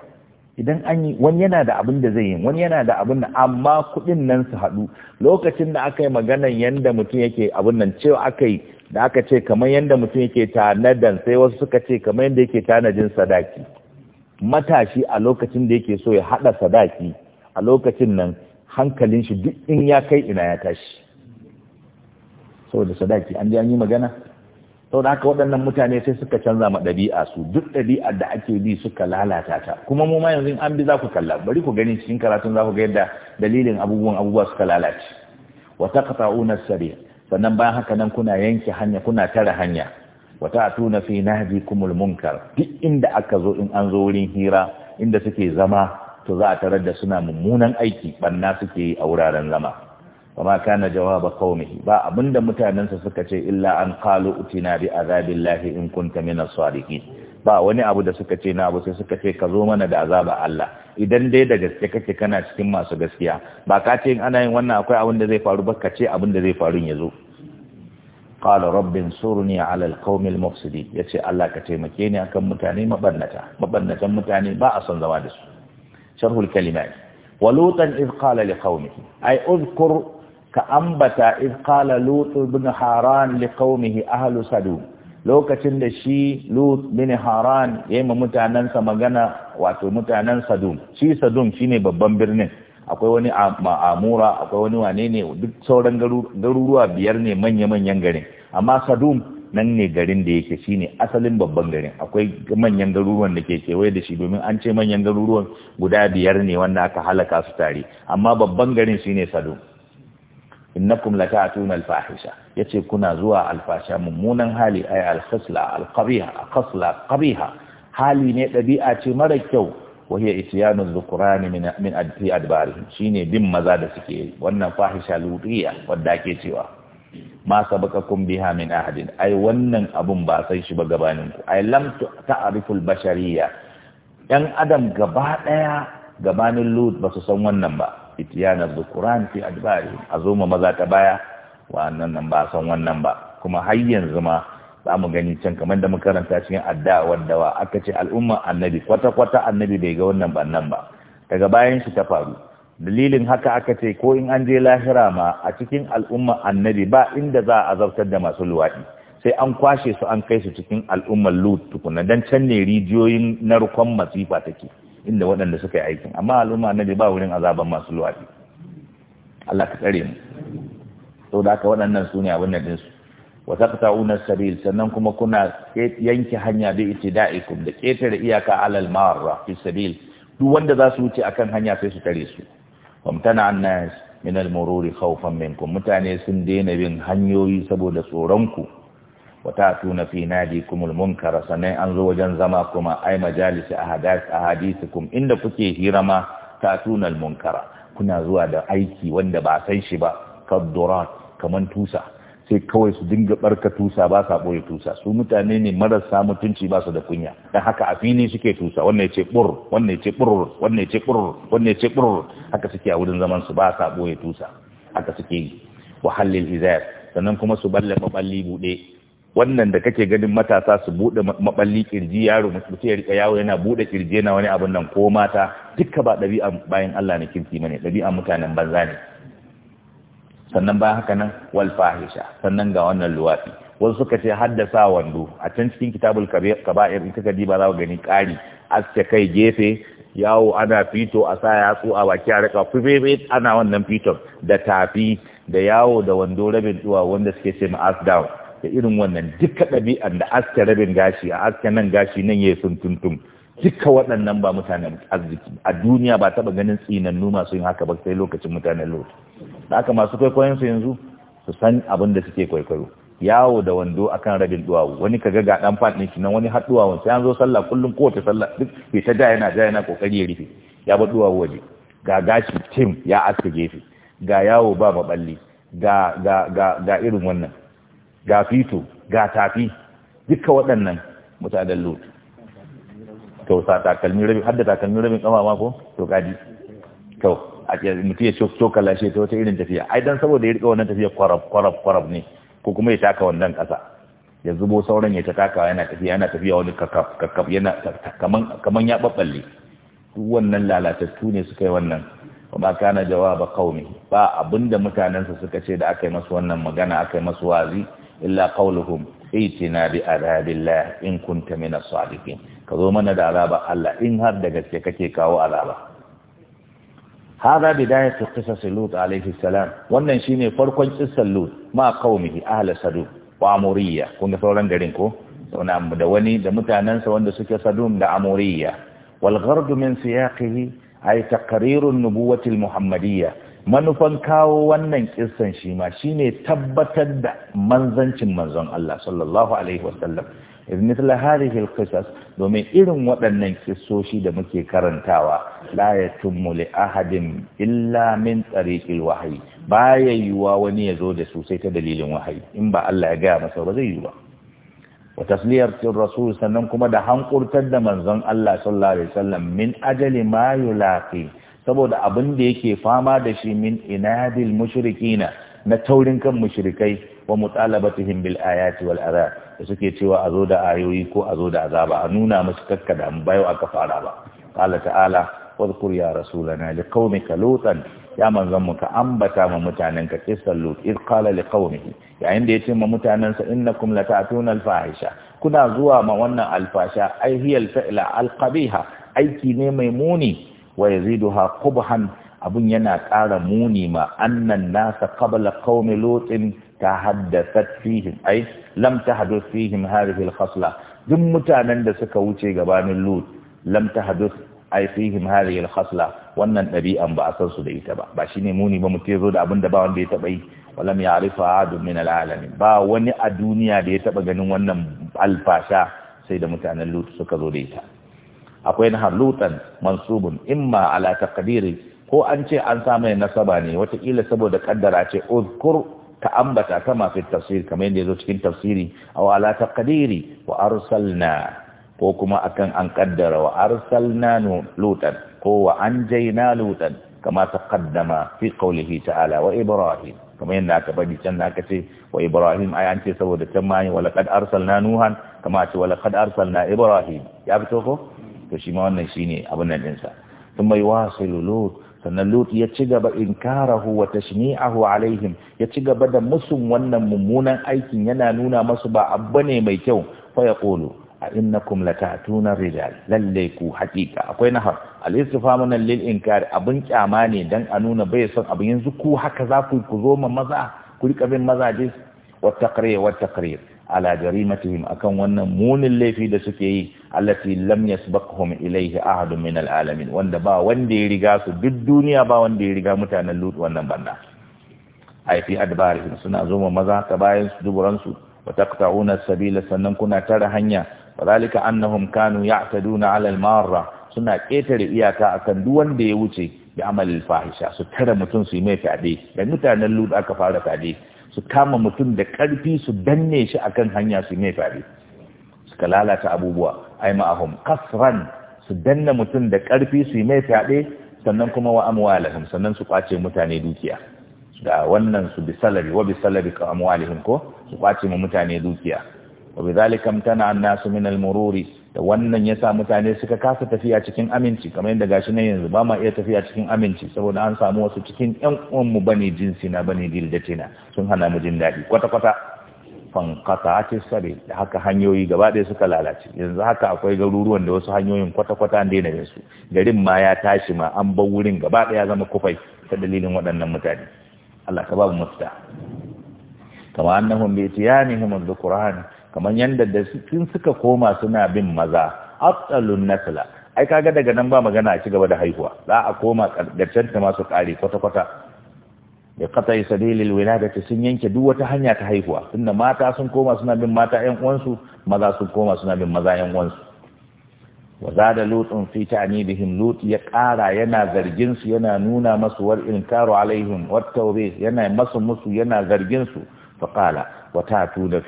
idan an yi wani yana da abin da zai yi wani yana da abin da amma kuɗin nan su haɗu lokacin da aka yi maganan yadda mutum yake abin nan cewa aka yi da aka ce kamar yadda mutum yake tanadan sai wasu suka ce kamar yadda yake tanadin sadaki matashi a lokacin da yake so ya haɗa sadaki a lokacin nan hankalin shi duk in ya kai ina ya tashi saboda sadaki an ji an yi magana saboda haka waɗannan mutane sai suka canza ma ɗabi'a su duk ɗabi'ar da ake bi suka lalata ta kuma mu ma yanzu an bi za ku kalla bari ku gani cikin karatun za ku ga yadda dalilin abubuwan abubuwa suka lalace wa taqta'una sare sannan bayan haka nan kuna yanke hanya kuna tara hanya wa ta'tuna fi nahjikumul munkar duk inda aka zo in an zo wurin hira inda suke zama to za a tarar da suna mummunan aiki banna suke yi a wuraren zama kuma kana jawaba qaumihi ba abinda mutanansa suka ce illa an qalu utina bi azabillahi in kunta min as-sadiqin ba wani abu da suka ce na abu sai suka ce ka zo mana da azaba Allah idan dai da gaske kake kana cikin masu gaskiya ba ka ce in ana yin wannan akwai abin da zai faru ba ka ce abin da zai faru ya zo qala rabbin surni ala alqawmi almufsidin yace Allah ka taimake ni akan mutane mabannata mabannatan mutane ba a son zama da su شرح الكلمات ولوطا إذ قال لقومه أي أذكر كأنبتا إذ ka ambata بن حاران لقومه أهل سدوم لوك ahlu sadum lokacin da حاران يما bin haran yayi ma سدوم magana wato mutanen sadum shi akwai wani amura akwai wani wane ne duk sauran garuruwa biyar ne manya-manyan garin amma sadum nan ne garin da yake ne asalin babban garin akwai manyan garuruwan da ke kewaye da shi domin an ce manyan garuruwan guda biyar ne wanda aka halaka su tare amma babban garin shi shine sado innakum lata'tuna al-fahisha yace kuna zuwa alfasha mummunan hali ay al-khasla al-qabiha khasla qabiha hali ne dabi'a ce mara kyau min إتيان الذكران shine bin maza maza suke suke wannan fahisha فاحشة Wanda ake cewa? ma kun biha min ahadin ai wannan abun ba sai shi ba gabanin ku ai lam ta'riful bashariya yan adam gaba daya gabanin lut ba su san wannan ba itiyana zukuran fi adbari azuma maza ta baya wa annan nan ba san wannan ba kuma har yanzu ma za mu gani can kamar da makaranta cikin adda'a wadda aka ce al'umma annabi kwata kwata annabi bai ga wannan bannan ba daga bayan shi ta faru dalilin haka aka ce ko in an je lahira ma a cikin al'umma annabi ba inda za a azabtar da masu luwaɗi sai an kwashe su an kai su cikin al'ummar lut tukuna don can ne rijiyoyin narkon masifa take inda waɗanda suka yi aikin amma al'umma annabi ba wurin azaban masu luwaɗi Allah ka tsare mu to da haka waɗannan su ne abin da dinsu wa taqta'una sabil sannan kuma kuna yanke hanya bi itida'ikum da ketare iyaka alal marra fi sabil duk wanda za su wuce akan hanya sai su tare su wamtana annas min minal mururi khawfan minkum mutane sun daina bin hanyoyi saboda tsoron ku watatuna fi nadikumul munkara sannan an zo wajen zama kuma ai majalisi kum inda kuke hirama tatunal munkara kuna zuwa da aiki wanda ba san shi ba kadurat kaman tusa sai kawai su dinga barka tusa ba sa boye tusa su mutane ne marasa mutunci ba su da kunya dan haka a fili suke tusa wannan ya ce ɓur! wannan ya ce ɓur! wannan ya ce ɓur! wannan ya ce ɓur! haka suke a wurin zaman su ba sa boye tusa haka suke yi wa halil sannan kuma su balle maballi buɗe. wannan da kake ganin matasa su buɗe maballi kirji yaro mutum ya rika yawo yana buɗe kirji yana wani abun nan ko mata dukka ba dabi'a bayan Allah ne kirki mane dabi'a mutanen banza ne sannan bayan haka nan wal fahisha sannan ga wannan luwafi wasu suka ce haddasa wando a can cikin kitabul kaba'ir in kaka diba za ku gani ƙari aske kai gefe yawo ana fito a sa yatsu a baki a rika fifefe ana wannan fiton da tafi da yawo da wando rabin zuwa wanda suke ce ma as down da irin wannan duka ɗabi'an da aske rabin gashi a aske nan gashi nan ya sun tuntum duka waɗannan ba mutanen arziki a duniya ba taɓa ganin tsinannu masu yin haka ba sai lokacin mutanen lot da aka masu kwaikwayon su yanzu su san abin da suke kwaikwayo yawo da wando akan rabin duwawu wani ka ga ɗan fat ɗin shi nan wani har duwawun sai an zo sallah kullum kowace sallah duk bai ta da yana da yana kokari ya rufe ya bar duwawu waje ga gashi tim ya aska gefe ga yawo ba maballi ga irin wannan ga fito ga tafi duka waɗannan mutanen lotu to sa takalmi rabin hadda takalmi rabin kafa ma ko to kaji to a mutum ya cokala shi ta wata irin tafiya ai dan saboda ya rika wannan tafiya kwarab kwarab kwarab ne ko kuma ya taka wannan kasa ya zubo sauran ya ta taka yana tafiya yana tafiya wani kakaf kakaf yana kaman kaman ya babballe duk wannan lalatattu ne suka yi wannan ba kana jawaba qaumi ba abinda mutanansa suka ce da aka yi masu wannan magana aka yi masu wazi illa qauluhum itina bi adabillah in kunta min as-sadiqin ka zo mana da azaba Allah in har da gaske kake kawo azaba hada bidayatu qisas lut alayhi salam wannan shine farkon qissar lut ma qaumihi ahla sadum wa amuriya kun ga sauran garin ko da wani da mutanansa wanda suke sadum da amuriya wal ghardu min siyaqihi ay nubuwati al muhammadiyya manufan kawo wannan kissan shi ma shine tabbatar da manzancin manzon Allah sallallahu alaihi wasallam idh mithla hadhihi al qisas domin irin waɗannan kissoshi da muke karantawa la yatimmu li ahadin illa min wahayi wahyi baya yiwuwa wani ya zo da su sai ta dalilin wahayi in ba Allah ya gaya masa ba zai yiwu ba wa cin rasul sannan kuma da hankurtar da manzon Allah sallallahu alaihi wasallam min ajali ma yulaqi saboda abin da yake fama da shi min inadil mushrikina na taurin kan mushrikai wa mutalabatihim bil ayati wal ara da suke cewa a zo da ayoyi ko a zo da azaba a nuna musu kakkada mu bayo aka fara ba qala ta'ala wadhkur ya rasulana liqaumika lutan ya manzon mu ka ambata ma mutanen ka kisan lut id qala liqaumihi yayin da yace ma mutanen sa innakum lata'tuna alfahisha kuna zuwa ma wannan alfasha ai hiyal fa'la alqabiha aiki ne mai muni wa yaziduha qubhan abun yana ƙara muni ma annan nasa qabla qaumi lutin tahaddasat fihim ai lam tahdus fihim hadhihi al duk mutanen da suka wuce gabanin lut lam tahdus ai fihim hadhihi al wannan ɗabi'an ba a san su da ita ba ba shine muni ba muke zo da abin da ba wanda ya taba yi walam ya'rifa adun min al ba wani a duniya da ya taba ganin wannan alfasha sai da mutanen lud suka zo da ita akwai na lutan mansubun imma ala taqdiri ko an ce an sa mai nasaba ne watakila saboda kaddara ce uzkur ka ambata kama fi tafsir kamar yadda ya zo cikin tafsiri a ala taqdiri wa arsalna ko kuma akan an kaddara wa arsalna lutan ko wa anjayna lutan kama taqaddama fi qawlihi ta'ala wa ibrahim kamar yadda aka bari can na aka ce wa ibrahim ai an ce saboda can ma wala qad arsalna nuhan kama ce wala qad arsalna ibrahim ya fito ko to shi ma wannan shine abin nan dinsa mai yuwasilu sannan lut ya ci gaba inkarahu wa tashni'ahu alaihim ya ci gaba da musu wannan mummunan aikin yana nuna masu ba abba ne mai kyau fa kolo a innakum latatuna rijal lalle ku hakika akwai nahar al-istifhamu lil inkar abin kyama ne dan a nuna bai son abin yanzu ku haka za ku ku zo ma maza ku rika bin mazaje wa taqrir wa taqrir ala jarimatihim akan wannan munin laifi da suke yi allati lam yasbaqhum ilayhi ahadun min alalamin wanda ba wanda ya riga su duk duniya ba wanda ya riga mutanen lut wannan banda ai fi adbarihim suna zoma maza ta bayan su duburan su wa taqta'una sabila sannan kuna tara hanya wadhalika annahum kanu ya'taduna ala almarra suna ketare iyaka akan duk wanda ya wuce bi amalil fahisha su tara mutun su yi mai fyaɗe. da mutanen lut aka fara fade su kama mutum da ƙarfi su danne shi a kan hanya su mai fari suka lalata abubuwa ai ma'ahum kasran su danne mutum da ƙarfi su yi mai fyaɗe sannan kuma wa amwalahum sannan su kwace mutane dukiya da wannan su bi salari wa bi salari ka amwalihim ko su kwace mu mutane dukiya wa bi zalika mtana annasu min al-mururi da wannan ya sa mutane suka kasa tafiya cikin aminci kamar yadda gashi na yanzu ba ma iya tafiya cikin aminci saboda an samu wasu cikin yan uwanmu bane jinsi na bane gildatina sun hana mu jin daɗi kwata-kwata fankatatis sare da haka hanyoyi gaba ɗaya suka lalace yanzu haka akwai garuruwan da wasu hanyoyin kwata-kwata an daina su garin ma ya tashi ma an bar wurin gaba ɗaya zama kufai ta dalilin waɗannan mutane Allah ka ba mu mafita Kamar annahum bi itiyanihim al quran kamar yadda da sun suka koma suna bin maza afsalun nasla ai kaga daga nan ba magana a ci gaba da haihuwa za a koma karkashin ta masu kare kwata kwata ya kata yi sabilil wiladati sun yanke duk wata hanya ta haihuwa tunda mata sun koma suna bin mata yan uwansu maza sun koma suna bin maza yan uwansu wa zada lutun fi ta'nibihim lut ya kara yana zargin su yana nuna masu wal inkaru alaihim wat tawbih yana masu musu yana zargin su fa qala wa da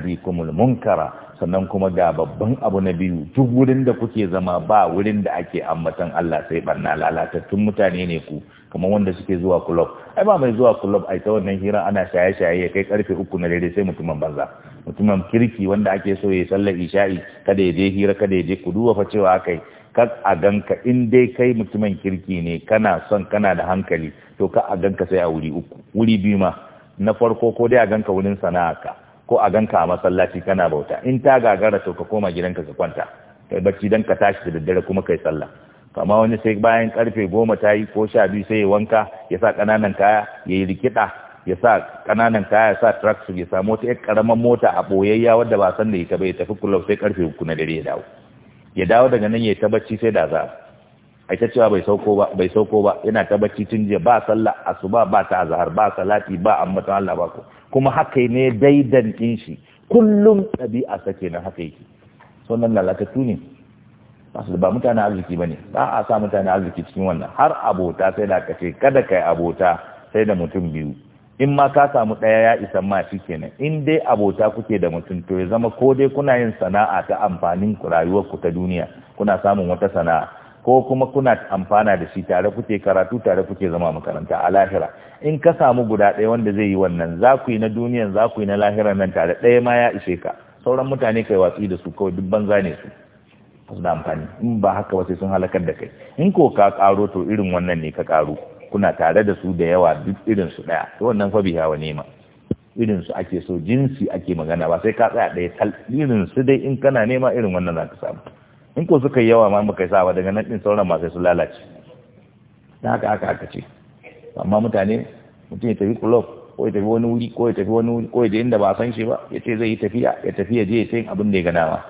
fi kumul munkara sannan kuma ga babban abu na biyu duk wurin da kuke zama ba wurin da ake ammatan Allah sai barna lalatattun mutane ne ku kamar wanda suke zuwa club ai ba mai zuwa club ai ta wannan hira ana shaye-shaye ya kai karfe uku na dare sai mutumin banza mutumin kirki wanda ake so ya sallar isha'i kada ya je hira kada ya je ku duba fa cewa akai kar a ganka in dai kai mutumin kirki ne kana son kana da hankali to ka a ganka sai a wuri uku wuri biyu ma na farko ko dai a ganka wurin sana'a ka, ko a ganka a masallaci kana bauta in ta gagara to ka koma gidanka ka kwanta kai bacci dan ka tashi da daddare kuma kai sallah kama wani sai bayan karfe goma ta yi ko sha biyu sai ya wanka ya sa ƙananan kaya ya yi rikida ya sa ƙananan kaya ya sa traksu ya samu wata 'yar ƙaramar mota a ɓoyayya wadda ba san da ita ba ya tafi kulob sai karfe uku na dare ya dawo ya dawo daga nan ya ta bacci sai da za'a aita cewa bai sauko ba bai sauko ba yana ta bacci tun jiya ba sallah asuba ba ta azhar ba salati ba ambaton Allah ba ko kuma haka ne daidan din shi kullum a sake na haka yake sunan lalata ne masu ba mutane arziki bane ba a sa mutane arziki cikin wannan har abota sai da kace kada kai abota sai da mutum biyu in ma ka samu ɗaya ya isa ma shi kenan in dai abota kuke da mutum to ya zama ko dai kuna yin sana'a ta amfanin rayuwarku ta duniya kuna samun wata sana'a ko kuma kuna amfana da shi tare kuke karatu tare kuke zama makaranta a lahira in ka samu guda ɗaya wanda zai yi wannan za ku yi na duniyan za ku yi na lahira nan tare ɗaya ma ya ishe ka sauran mutane kai watsi da su kawai duk banza ne su su da amfani in ba haka ba sai sun halakar da kai in ko ka karo to irin wannan ne ka karo kuna tare da su da yawa duk irin su ɗaya to wannan fa biya wa nema irin su ake so jinsi ake magana ba sai ka tsaya ɗaya tal irin su dai in kana nema irin wannan za ka samu in ko suka yi yawa ma muka sa ba daga nan din sauran masu su lalace da haka aka aka ce amma mutane mutum ya tafi kulob ko ya tafi wani wuri ko ya tafi wani wuri ko ya je inda ba san shi ba ya ce zai yi tafiya ya tafiya je ya ce abin da ya ga ma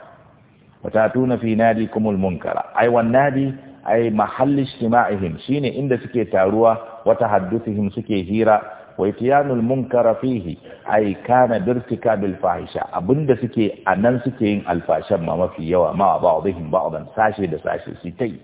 wata tuna fi nadi kumul munkara ai wan nadi ai mahalli ijtima'ihim shine inda suke taruwa wata haddusihim suke hira waitiyanul munkara fihi ay kana dirtika bil fahisha abinda suke anan suke yin alfashan ma mafi yawa ma ba'dihim ba'dan sashe da sashe su tai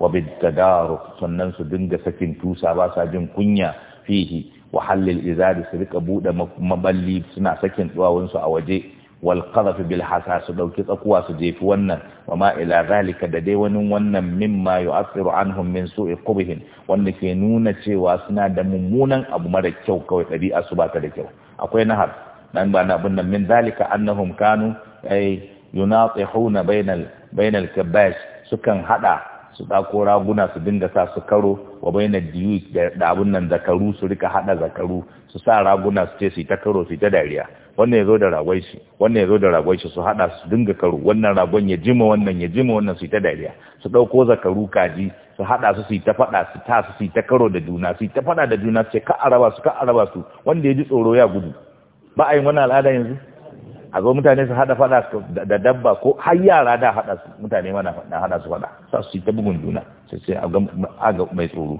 wa bid tadaruk sannan su dinga sakin tusa ba sa jin kunya fihi wa halil izari su rika bude maballi suna sakin duwawun su a waje wal qadhaf bil hasa su ɗauki tsakuwa su jefi wannan wa ma ila zalika da dai wani wannan mimma yu'athiru anhum min su'i qubhin wanda ke nuna cewa suna da mummunan abu mara kyau kawai dabi'a su bata da kyau akwai nahar dan ba na abin nan min zalika annahum kanu ay yunatihuna bainal bainal kabash sukan haɗa su ɗako raguna su dinga sa su karo wa bainar diyu da abun nan zakaru su rika haɗa zakaru su sa raguna su ce su ta karo su ta dariya wannan ya zo da ragon shi wannan ya zo da ragon shi su hada su dinga karo wannan ragon ya jima wannan ya jima wannan su yi ta dariya su ɗauko zakaru kaji su haɗa su su yi ta fada su ta su su yi ta karo da juna su yi ta faɗa da juna su ce ka araba su ka araba su wanda ya ji tsoro ya gudu ba a yin wannan al'ada yanzu a zo mutane su haɗa faɗa da dabba ko har yara da hada su mutane mana fada haɗa su faɗa sa su yi ta bugun juna sai sai a ga mai tsoro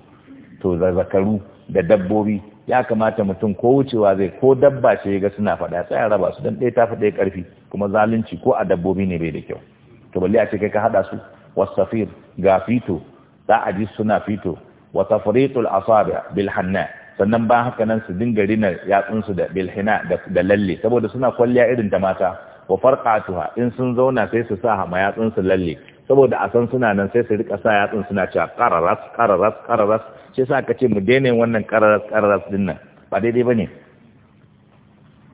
to zakaru da dabbobi ya kamata mutum ko wucewa zai ko dabba ce ga suna faɗa tsaya raba su don ɗaya ta ɗaya ƙarfi kuma zalunci ko a dabbobi ne bai da kyau to balle a ce kai ka haɗa su wasafir ga fito za a ji suna fito wa tafriqul asabi bil hanna sannan ba haka nan su dinga rina yatsunsu da bil hina da lalle saboda suna kwalliya irin ta mata wa farqatuha in sun zauna sai su sa ma yatsunsu lalle saboda a san suna nan sai su rika sa yatsun suna cewa kararas kararas kararas shi sa ka ce mu daina wannan kararas kararas din nan ba daidai bane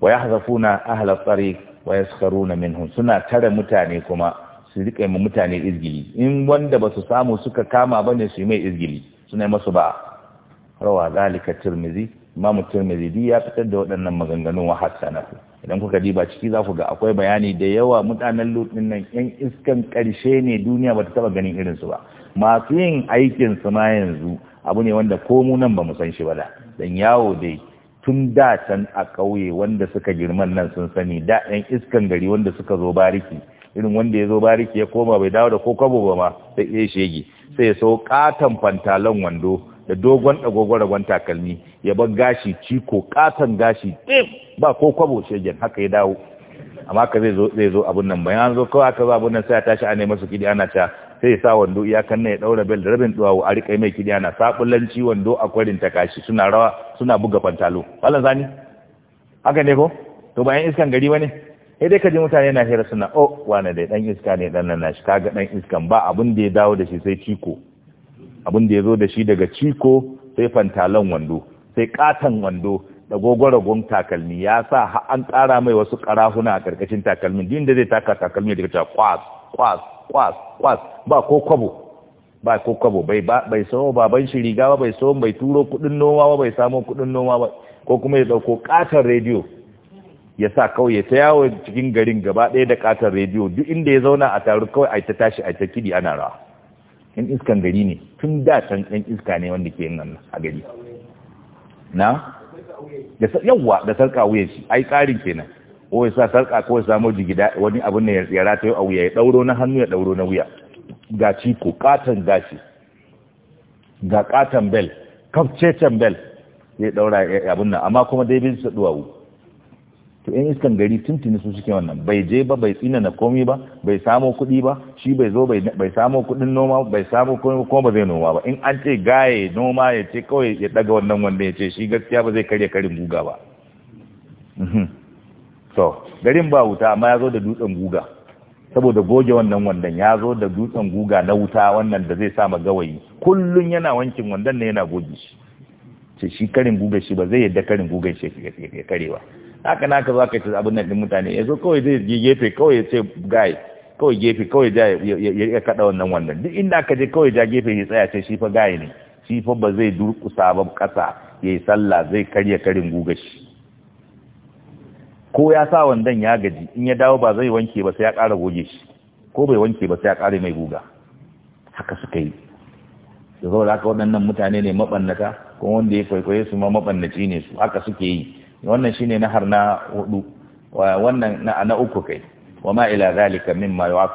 wa yahzafuna ahla tariq wa yaskharuna minhum suna tare mutane kuma su rika yi mutane izgili in wanda ba su samu suka kama bane su yi mai izgili suna yi masu ba rawa zalika tirmizi imamu tirmizi ya fitar da waɗannan maganganun wa hasanatu idan kuka diba ciki za ku ga akwai bayani da yawa mutanen lutin nan yan iskan ƙarshe ne duniya ba ta taɓa ganin irinsu ba masu yin aikin su ma yanzu abu ne wanda ko mu nan ba mu san shi ba da dan yawo dai tun da can a ƙauye wanda suka girman nan sun sani da yan iskan gari wanda suka zo bariki irin wanda ya zo bariki ya koma bai dawo da ko kabo ba ma sai ya shege sai ya so katon fantalon wando da dogon ragon takalmi ya bar gashi ciko katon gashi ɗin ba ko kwabo shegen haka ya dawo amma ka zai zo zai zo abun nan bayan zo kawai aka zo abun nan sai ya tashi a masa su kidi ana ta sai ya sa wando iyakan nan ya daura bel da rabin duwawo a rika mai kidi ana sabulanci wando a kwarin ta kashi suna rawa suna buga pantalo Allah zani haka ne ko to bayan iskan gari wani sai dai ka ji mutane na hira suna oh wane dai dan iska ne dan nan nashi kaga dan iskan ba abun da ya dawo da shi sai ciko abun da ya zo da shi daga ciko sai pantalon wando sai katon wando da gogoragon takalmi ya sa an ƙara mai wasu karahuna a karkashin takalmin din da zai taka takalmi daga ta kwas kwas kwas kwas ba ko kwabo ba ko kwabo bai bai sawo baban shi riga ba bai sawo bai turo kuɗin noma ba bai samo kuɗin noma ba ko kuma ya dauko katon rediyo ya sa kawai ta yawo cikin garin gaba ɗaya da katon rediyo duk inda ya zauna a taru kawai a ta tashi a ta kidi ana rawa in iskan gari ne tun da can ɗan iska ne wanda ke nan a gari na da yawa da sarka wuya shi ai karin kenan ko ya sa sarka ko ya samu jigida wani abin ne ya rataye a wuya ya dauro na hannu ya dauro na wuya ga ko katan gashi ga katan bel kafcecen bel zai daura abin nan amma kuma dai bin su duwawu to yan iskan gari tun tuntuni su suke wannan bai je ba bai tsina na komi ba bai samo kuɗi ba shi bai zo bai samo kuɗin noma bai samo komai kuma ba zai noma ba in an ce gaye noma ya ce kawai ya daga wannan wanda ya ce shi gaskiya ba zai karya karin guga ba so mhm. garin ba wuta amma ya zo da dutsen guga saboda goge wannan wandan ya zo da dutsen guga na wuta wannan da zai sama gawayi kullun yana wankin wandan ne yana goge shi ce shi karin guga shi ba zai yadda karin guga shi ya karewa. haka naka za ka yi abin nan din mutane yanzu kawai zai je gefe kawai ya ce guy kawai gefe kawai ja ya kada wannan wannan duk inda aka je kawai ja gefe ya tsaya ce shi fa guy ne shi fa ba zai durkusa ba kasa yayi sallah zai karya karin guga shi ko ya sa wandan ya gaji in ya dawo ba zai wanke ba sai ya ƙara goge shi ko bai wanke ba sai ya ƙara mai guga haka suka yi da zaura haka waɗannan mutane ne maɓannata kuma wanda ya kwaikwaye su ma maɓannaci ne su haka suke yi wannan shine nahar na hudu wannan na uku kai wama ila zalika mimma ba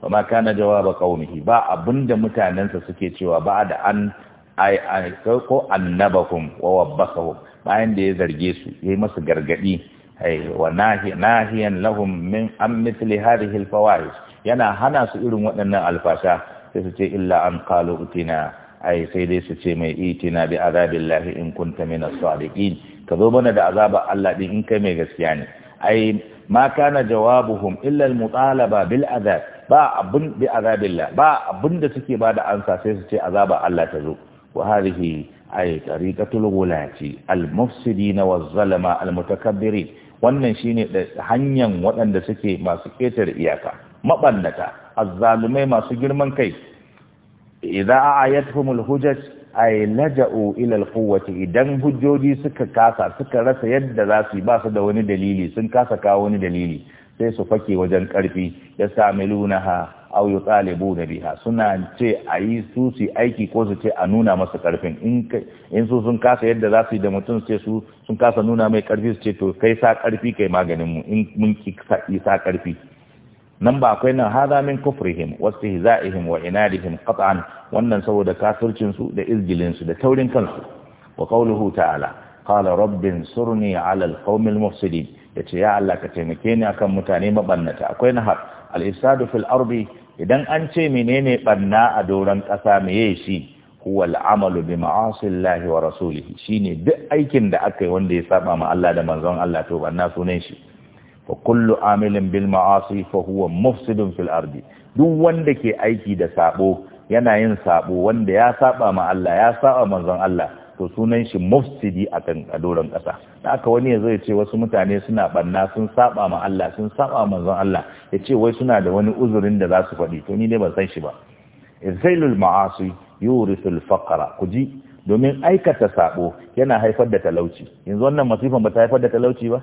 wama kana jawaba qaumihi ba abinda mutanansa suke cewa ba da an ai ai ko annabakum wa wabbasahum bayan da ya zarge su yayi masu gargadi ai wa nahiyan lahum min am mithli hadhihi alfawahish yana hana su irin waɗannan alfasha sai su ce illa an qalu utina ai sai dai su ce mai itina bi azabillahi in kunta min as-sadiqin ka zo mana da azabar Allah din in kai mai gaskiya ne ai ma kana jawabuhum illa al-mutalaba bil azab ba abun bi azabillah ba abun da suke ba da ansa sai su ce azabar Allah ta zo wa hadhihi ay tariqatul gulati al-mufsidin waz-zalama al-mutakabbirin wannan shine hanyar waɗanda suke masu ƙetare iyaka mabannata azzalumai masu girman kai idza ayatuhumul hujaj ay laja'u ila alquwwati idan hujjoji suka kasa suka rasa yadda za su ba su da wani dalili sun kasa kawo wani dalili sai su fake wajen karfi yasamilunaha aw yutalibuna biha suna ce ayi su su aiki ko su ce a nuna masa karfin in in su sun kasa yadda za su yi da mutum sai su sun kasa nuna mai karfi su ce to kai sa karfi kai maganin mu in mun ki sa karfi nan ba akwai nan hadha min kufrihim wastihza'ihim wa inadihim qat'an wannan saboda kafircin su da izgilinsu, da taurin kansu wa qawluhu ta'ala qala rabbin surni 'ala al-qaumil mufsidin yace ya Allah ka taimake ni akan mutane mabannata akwai har, al-ifsadu fil ardi idan an ce menene banna a doran kasa meye shi huwa al'amalu bi ma'asillahi wa rasulihi shine duk aikin da aka yi wanda ya saba ma Allah da manzon Allah to banna sunan shi wa kullu amilin bil ma'asi fa huwa mufsidun fil ardi duk wanda ke aiki da sabo yana yin sabo wanda ya saba ma Allah ya saba manzon Allah to sunan shi mufsidi kan adoran kasa da aka wani yazo ya ce wasu mutane suna banna sun saba ma Allah sun saba manzon Allah ya ce wai suna da wani uzurin da za su faɗi to ni ne ban san shi ba izailul ma'asi yurisul faqra kuji domin aikata sabo yana haifar da talauci yanzu wannan masifan ba ta haifar da talauci ba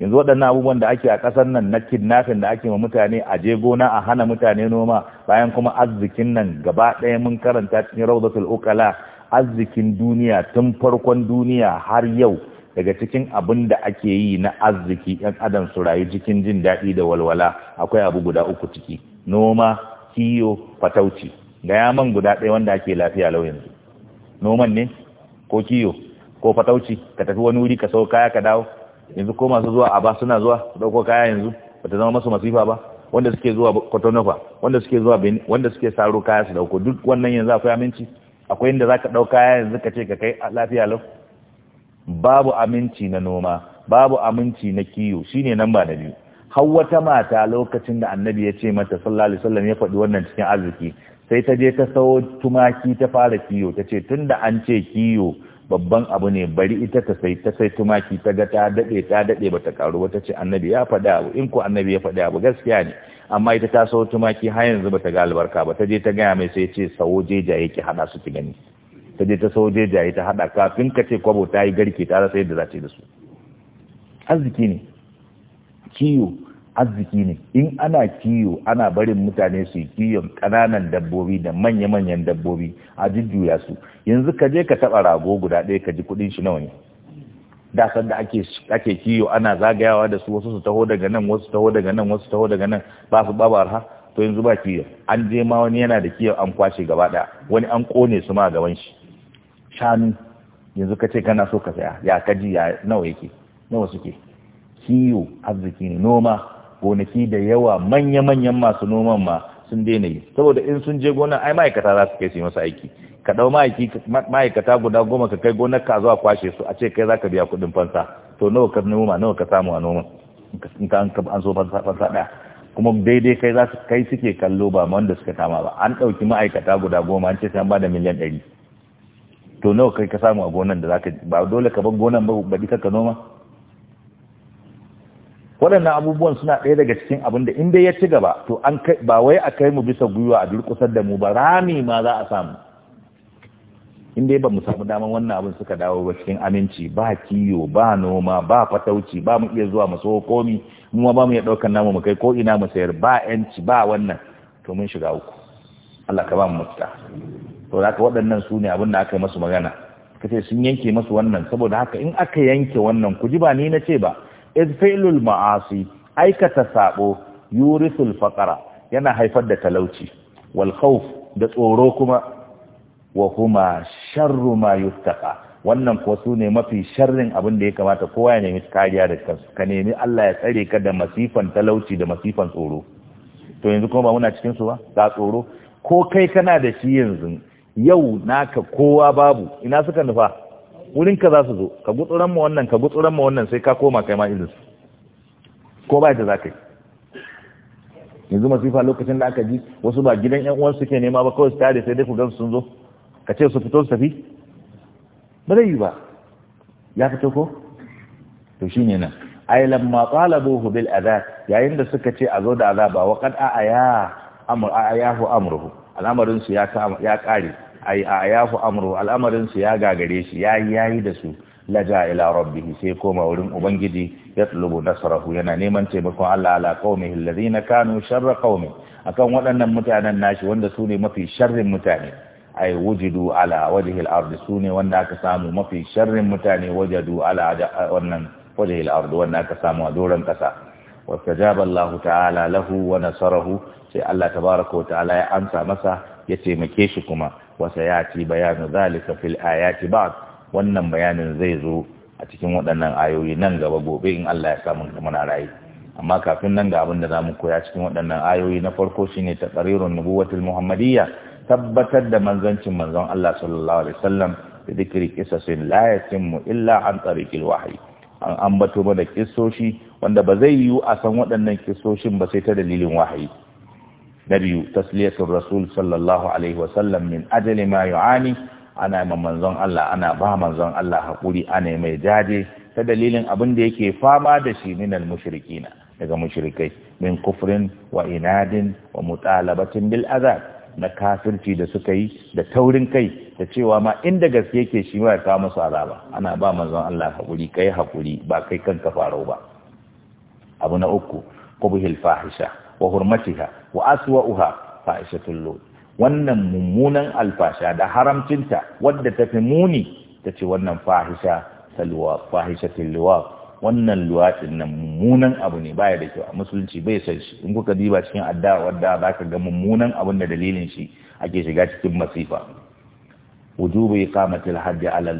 yanzu waɗannan abubuwan da ake a ƙasar nan na kidnapping da ake ma mutane a je gona a hana mutane noma bayan kuma arzikin nan gaba ɗaya mun karanta cikin rawdatul ukala arzikin duniya tun farkon duniya har yau daga cikin abin da ake yi na arziki ɗan adam su rayu cikin jin daɗi da walwala akwai abu guda uku ciki noma kiyo fatauci ga yaman guda ɗaya wanda ake lafiya lau yanzu noman ne ko kiyo ko fatauci ka tafi wani wuri ka sau kaya ka dawo yanzu ko masu zuwa a ba suna zuwa su dauko kaya yanzu ba ta zama masu masifa ba wanda suke zuwa kwatonofa wanda suke zuwa benin wanda suke saro kaya su dauko duk wannan yanzu akwai aminci akwai inda za ka ɗau kaya yanzu ka ce ka kai lafiya lau babu aminci na noma babu aminci na kiyo shine namba na biyu har wata mata lokacin da annabi ya ce mata sallallahu alaihi wasallam ya faɗi wannan cikin arziki sai ta je ta sawo tumaki ta fara kiyo ta ce tunda an ce kiyo babban abu ne bari ita ta sai ta sai tumaki ta ga ta dade ta dade bata karu ba tace annabi ya abu in ko annabi ya faɗi abu gaskiya ne amma ita ta sawo tumaki har yanzu ta ga albarka ba ta je ta gaya mai sai ce sawo jeja yake hada su ki gani ta je ta sawo jeja ta hada kafin ka ce kwabo ta yi garke ta rasa yadda za da su arziki ne kiyo arziki ne in ana kiyo ana barin mutane su yi kiyon ƙananan dabbobi da manya-manyan dabbobi a jujjuya su yanzu ka je ka taɓa rago guda ɗaya ka ji kuɗin shi nawa ne da sanda ake ake kiyo ana zagayawa da su wasu su taho daga nan wasu taho daga nan wasu taho daga nan ba su ba ha to yanzu ba kiyo an je ma wani yana da kiyo an kwashe gaba ɗaya wani an kone su ma gaban shi shanu yanzu ka ce kana so ka saya ya kaji ya nawa yake nawa suke kiyo arziki ne noma gonaki da yawa manya-manyan masu noman ma sun daina yi saboda in sun je gonar ai ma'aikata za su kai su yi masa aiki ka ɗau ma'aikata guda goma ka kai gonar ka zuwa kwashe su a ce kai za ka biya kuɗin fansa to nawa ka noma nawa ka samu a noman in ka an so fansa ɗaya kuma daidai kai za su kai suke kallo ba wanda suka kama ba an ɗauki ma'aikata guda goma an ce sai an ba da miliyan ɗari to nawa kai ka samu a gonan da za ka ba dole ka bar gonan ba baɗi ka noma waɗannan abubuwan suna ɗaya daga cikin abin da inda ya ci gaba to an kai ba wai a kai mu bisa gwiwa a durƙusar da mu ba rami ma za a samu inda ba mu samu daman wannan abin suka dawo ba cikin aminci ba kiyo ba noma ba fatauci ba mu iya zuwa mu so komi mu ba mu iya ɗaukar namu mu kai ko ina mu sayar ba yanci ba wannan to mun shiga uku Allah ka ba mu mutta to ka waɗannan su ne abin da aka yi masu magana kace sun yanke masu wannan saboda haka in aka yanke wannan ku ji ba ni na ce ba idh ma'asi aikata sabo yurisul faqara yana haifar da talauci wal khawf da tsoro kuma wa huma sharru ma yuttaqa wannan kuwa sune mafi sharrin abin da ya kamata kowa ya nemi kariya da kansu ka nemi Allah ya tsare ka da masifan talauci da masifan tsoro to yanzu kuma ba muna cikin su ba da tsoro ko kai kana da shi yanzu yau naka kowa babu ina suka nufa wurin ka za su zo ka gutsuran ma wannan ka gutsuran ma wannan sai ka koma kai ma irinsu ko ba yadda za ka yi yanzu masifa lokacin da aka ji wasu ba gidan yan uwan suke nema ba kawai su tare sai dai ku gan sun zo ka ce su fito su tafi ba zai yi ba ya fito ko to shi ne nan ay lamma talabuhu bil adha yayin da suka ce a zo da azaba wa qad aya amr ayahu amruhu al'amarin su ya ya kare a ayafu amru al'amarin su ya gagare shi ya yayi da su laja ila sai koma wurin ubangiji ya tulubu nasarahu yana neman taimakon Allah ala qaumihi na kanu sharra qaumi akan waɗannan mutanen nashi wanda su ne mafi sharrin mutane ai wujidu ala wajhi al-ard su ne wanda aka samu mafi sharrin mutane wajadu ala wannan wajhi al-ard wanda aka samu a doron kasa wastajaba Allah ta'ala lahu wa nasarahu sai Allah tabaaraka wa ta'ala ya amsa masa ya taimake shi kuma wasa ya ci bayanu zalika fil ayati ba wannan bayanin zai zo a cikin waɗannan ayoyi nan gaba gobe in Allah ya samu muna rayu amma kafin nan ga abin da zamu koya cikin waɗannan ayoyi na farko shine taqrirun nubuwatul muhammadiyya tabbatar da manzancin manzon Allah sallallahu alaihi wasallam da dikiri kisasin la yatimmu illa an tariqil wahyi an ambato mana kissoshi wanda ba zai yiwu a san waɗannan kisoshin ba sai ta dalilin wahayi na biyu tasliyatul rasul sallallahu alaihi wasallam min ajali ma yu'ani ana ma manzon Allah ana ba manzon Allah hakuri ana mai jaje ta dalilin abin da yake fama da shi minal mushrikina daga mushrikai min kufrin wa inadin wa mutalabatin bil azab na kafirci da suka yi da taurin kai da cewa ma inda gaske yake shi ma ya kawo musu azaba ana ba manzon Allah hakuri kai hakuri ba kai kanka farau ba abu na uku qubhil fahisha wa hurmatiha wa aswa'uha fahishatul lu wannan mummunan alfasha da haramcinta wadda ta fi muni tace wannan fahisha salwa fahishatul wannan luwatin nan mummunan abu ne baya da kyau a musulunci bai san shi in kuka diba cikin addu'a wadda zaka ga mummunan abun da dalilin shi ake shiga cikin masifa wujubu iqamatil hajji ala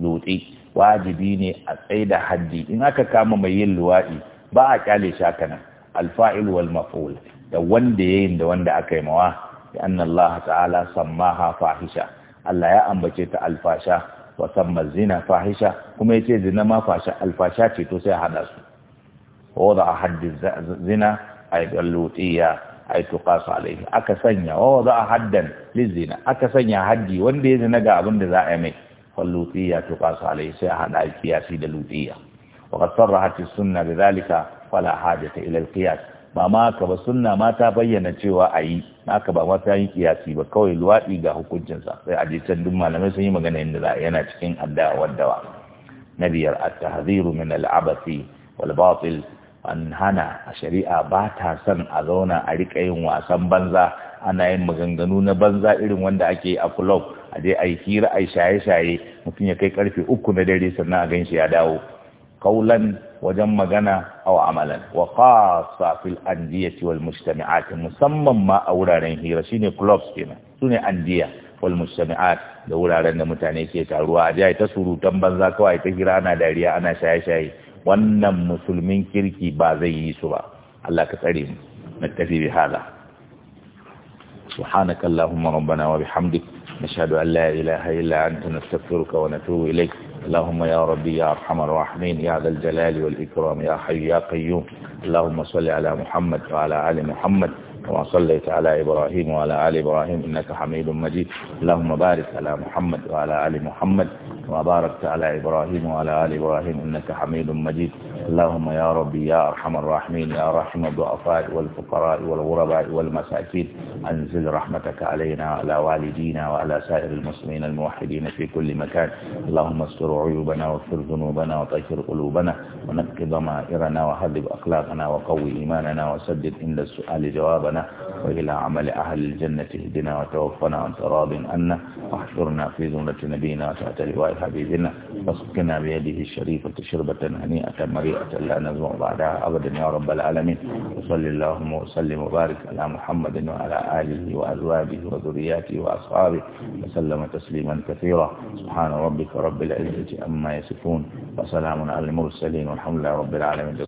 luti wajibi ne a tsaida haddi in aka kama mai yin luwadi ba a kyale shi haka nan alfa'il wal maf'ul da wanda yayin da wanda aka yi mawa bi anna Allah ta'ala sammaha fahisha Allah ya ambace ta alfasha wa samma zina fahisha kuma yace zina ma fahisha alfasha ce to sai hada su wada haddi zina ay lutiya ay tuqas alayhi aka sanya wada haddan lizina aka sanya haddi wanda ya zina ga abin da za a yi mai fallutiya tuqas alayhi sai hada kiyasi da lutiya وقد صرحت السنة بذلك fala hajata ta ilal qiyas ba ma ka ba sunna ma ta bayyana cewa ayi. yi haka ba ma ta yi kiyasi ba kawai luwaɗi ga hukuncinsa sai a can duk malamai sun yi magana inda za yana cikin addawa waddawa na biyar a tahziru min al-abathi wal batil an hana a shari'a ba ta san a zauna a rika yin wasan banza ana yin maganganu na banza irin wanda ake a kulob a je a yi hira a shaye-shaye mutum ya kai karfe uku na dare sannan a gan shi ya dawo kaulan wajen magana a wa'amalan wa khassa fil andiyati wal mujtami'at musamman ma a wuraren hira shine clubs kenan sune andiya wal mujtami'at da wuraren da mutane ke taruwa a jai ta surutan banza kawai ta hira ana dariya ana shaye-shaye wannan musulmin kirki ba zai yi su ba Allah ka tsare mu nattafi bi hada subhanakallahumma rabbana wa bihamdik nashhadu an la ilaha illa anta nastaghfiruka wa natubu ilayk اللهم يا ربي يا أرحم الراحمين يا ذا الجلال والإكرام يا حي يا قيوم اللهم صل على محمد وعلى آل محمد وصليت على إبراهيم وعلى آل إبراهيم إنك حميد مجيد اللهم بارك على محمد وعلى آل محمد كما باركت على إبراهيم وعلى آل إبراهيم إنك حميد مجيد اللهم يا ربي يا أرحم الراحمين يا رحم الضعفاء والفقراء والغرباء والمساكين أنزل رحمتك علينا وعلى والدينا وعلى سائر المسلمين الموحدين في كل مكان اللهم استر عيوبنا واغفر ذنوبنا وطهر قلوبنا ونقض ضمائرنا وهذب أخلاقنا وقوي إيماننا وسدد عند السؤال جوابنا ربنا وإلى عمل أهل الجنة اهدنا وتوفنا وانت راض أن واحشرنا في زمرة نبينا وتحت لواء حبيبنا واسقنا بيده الشريفة شربة هنيئة مريئة لا نزمع بعدها أبدا يا رب العالمين وصل اللهم وسلم وبارك على محمد وعلى آله وأزواجه وذرياته وأصحابه وسلم تسليما كثيرا سبحان ربك رب العزة أما يصفون وسلام على المرسلين والحمد لله رب العالمين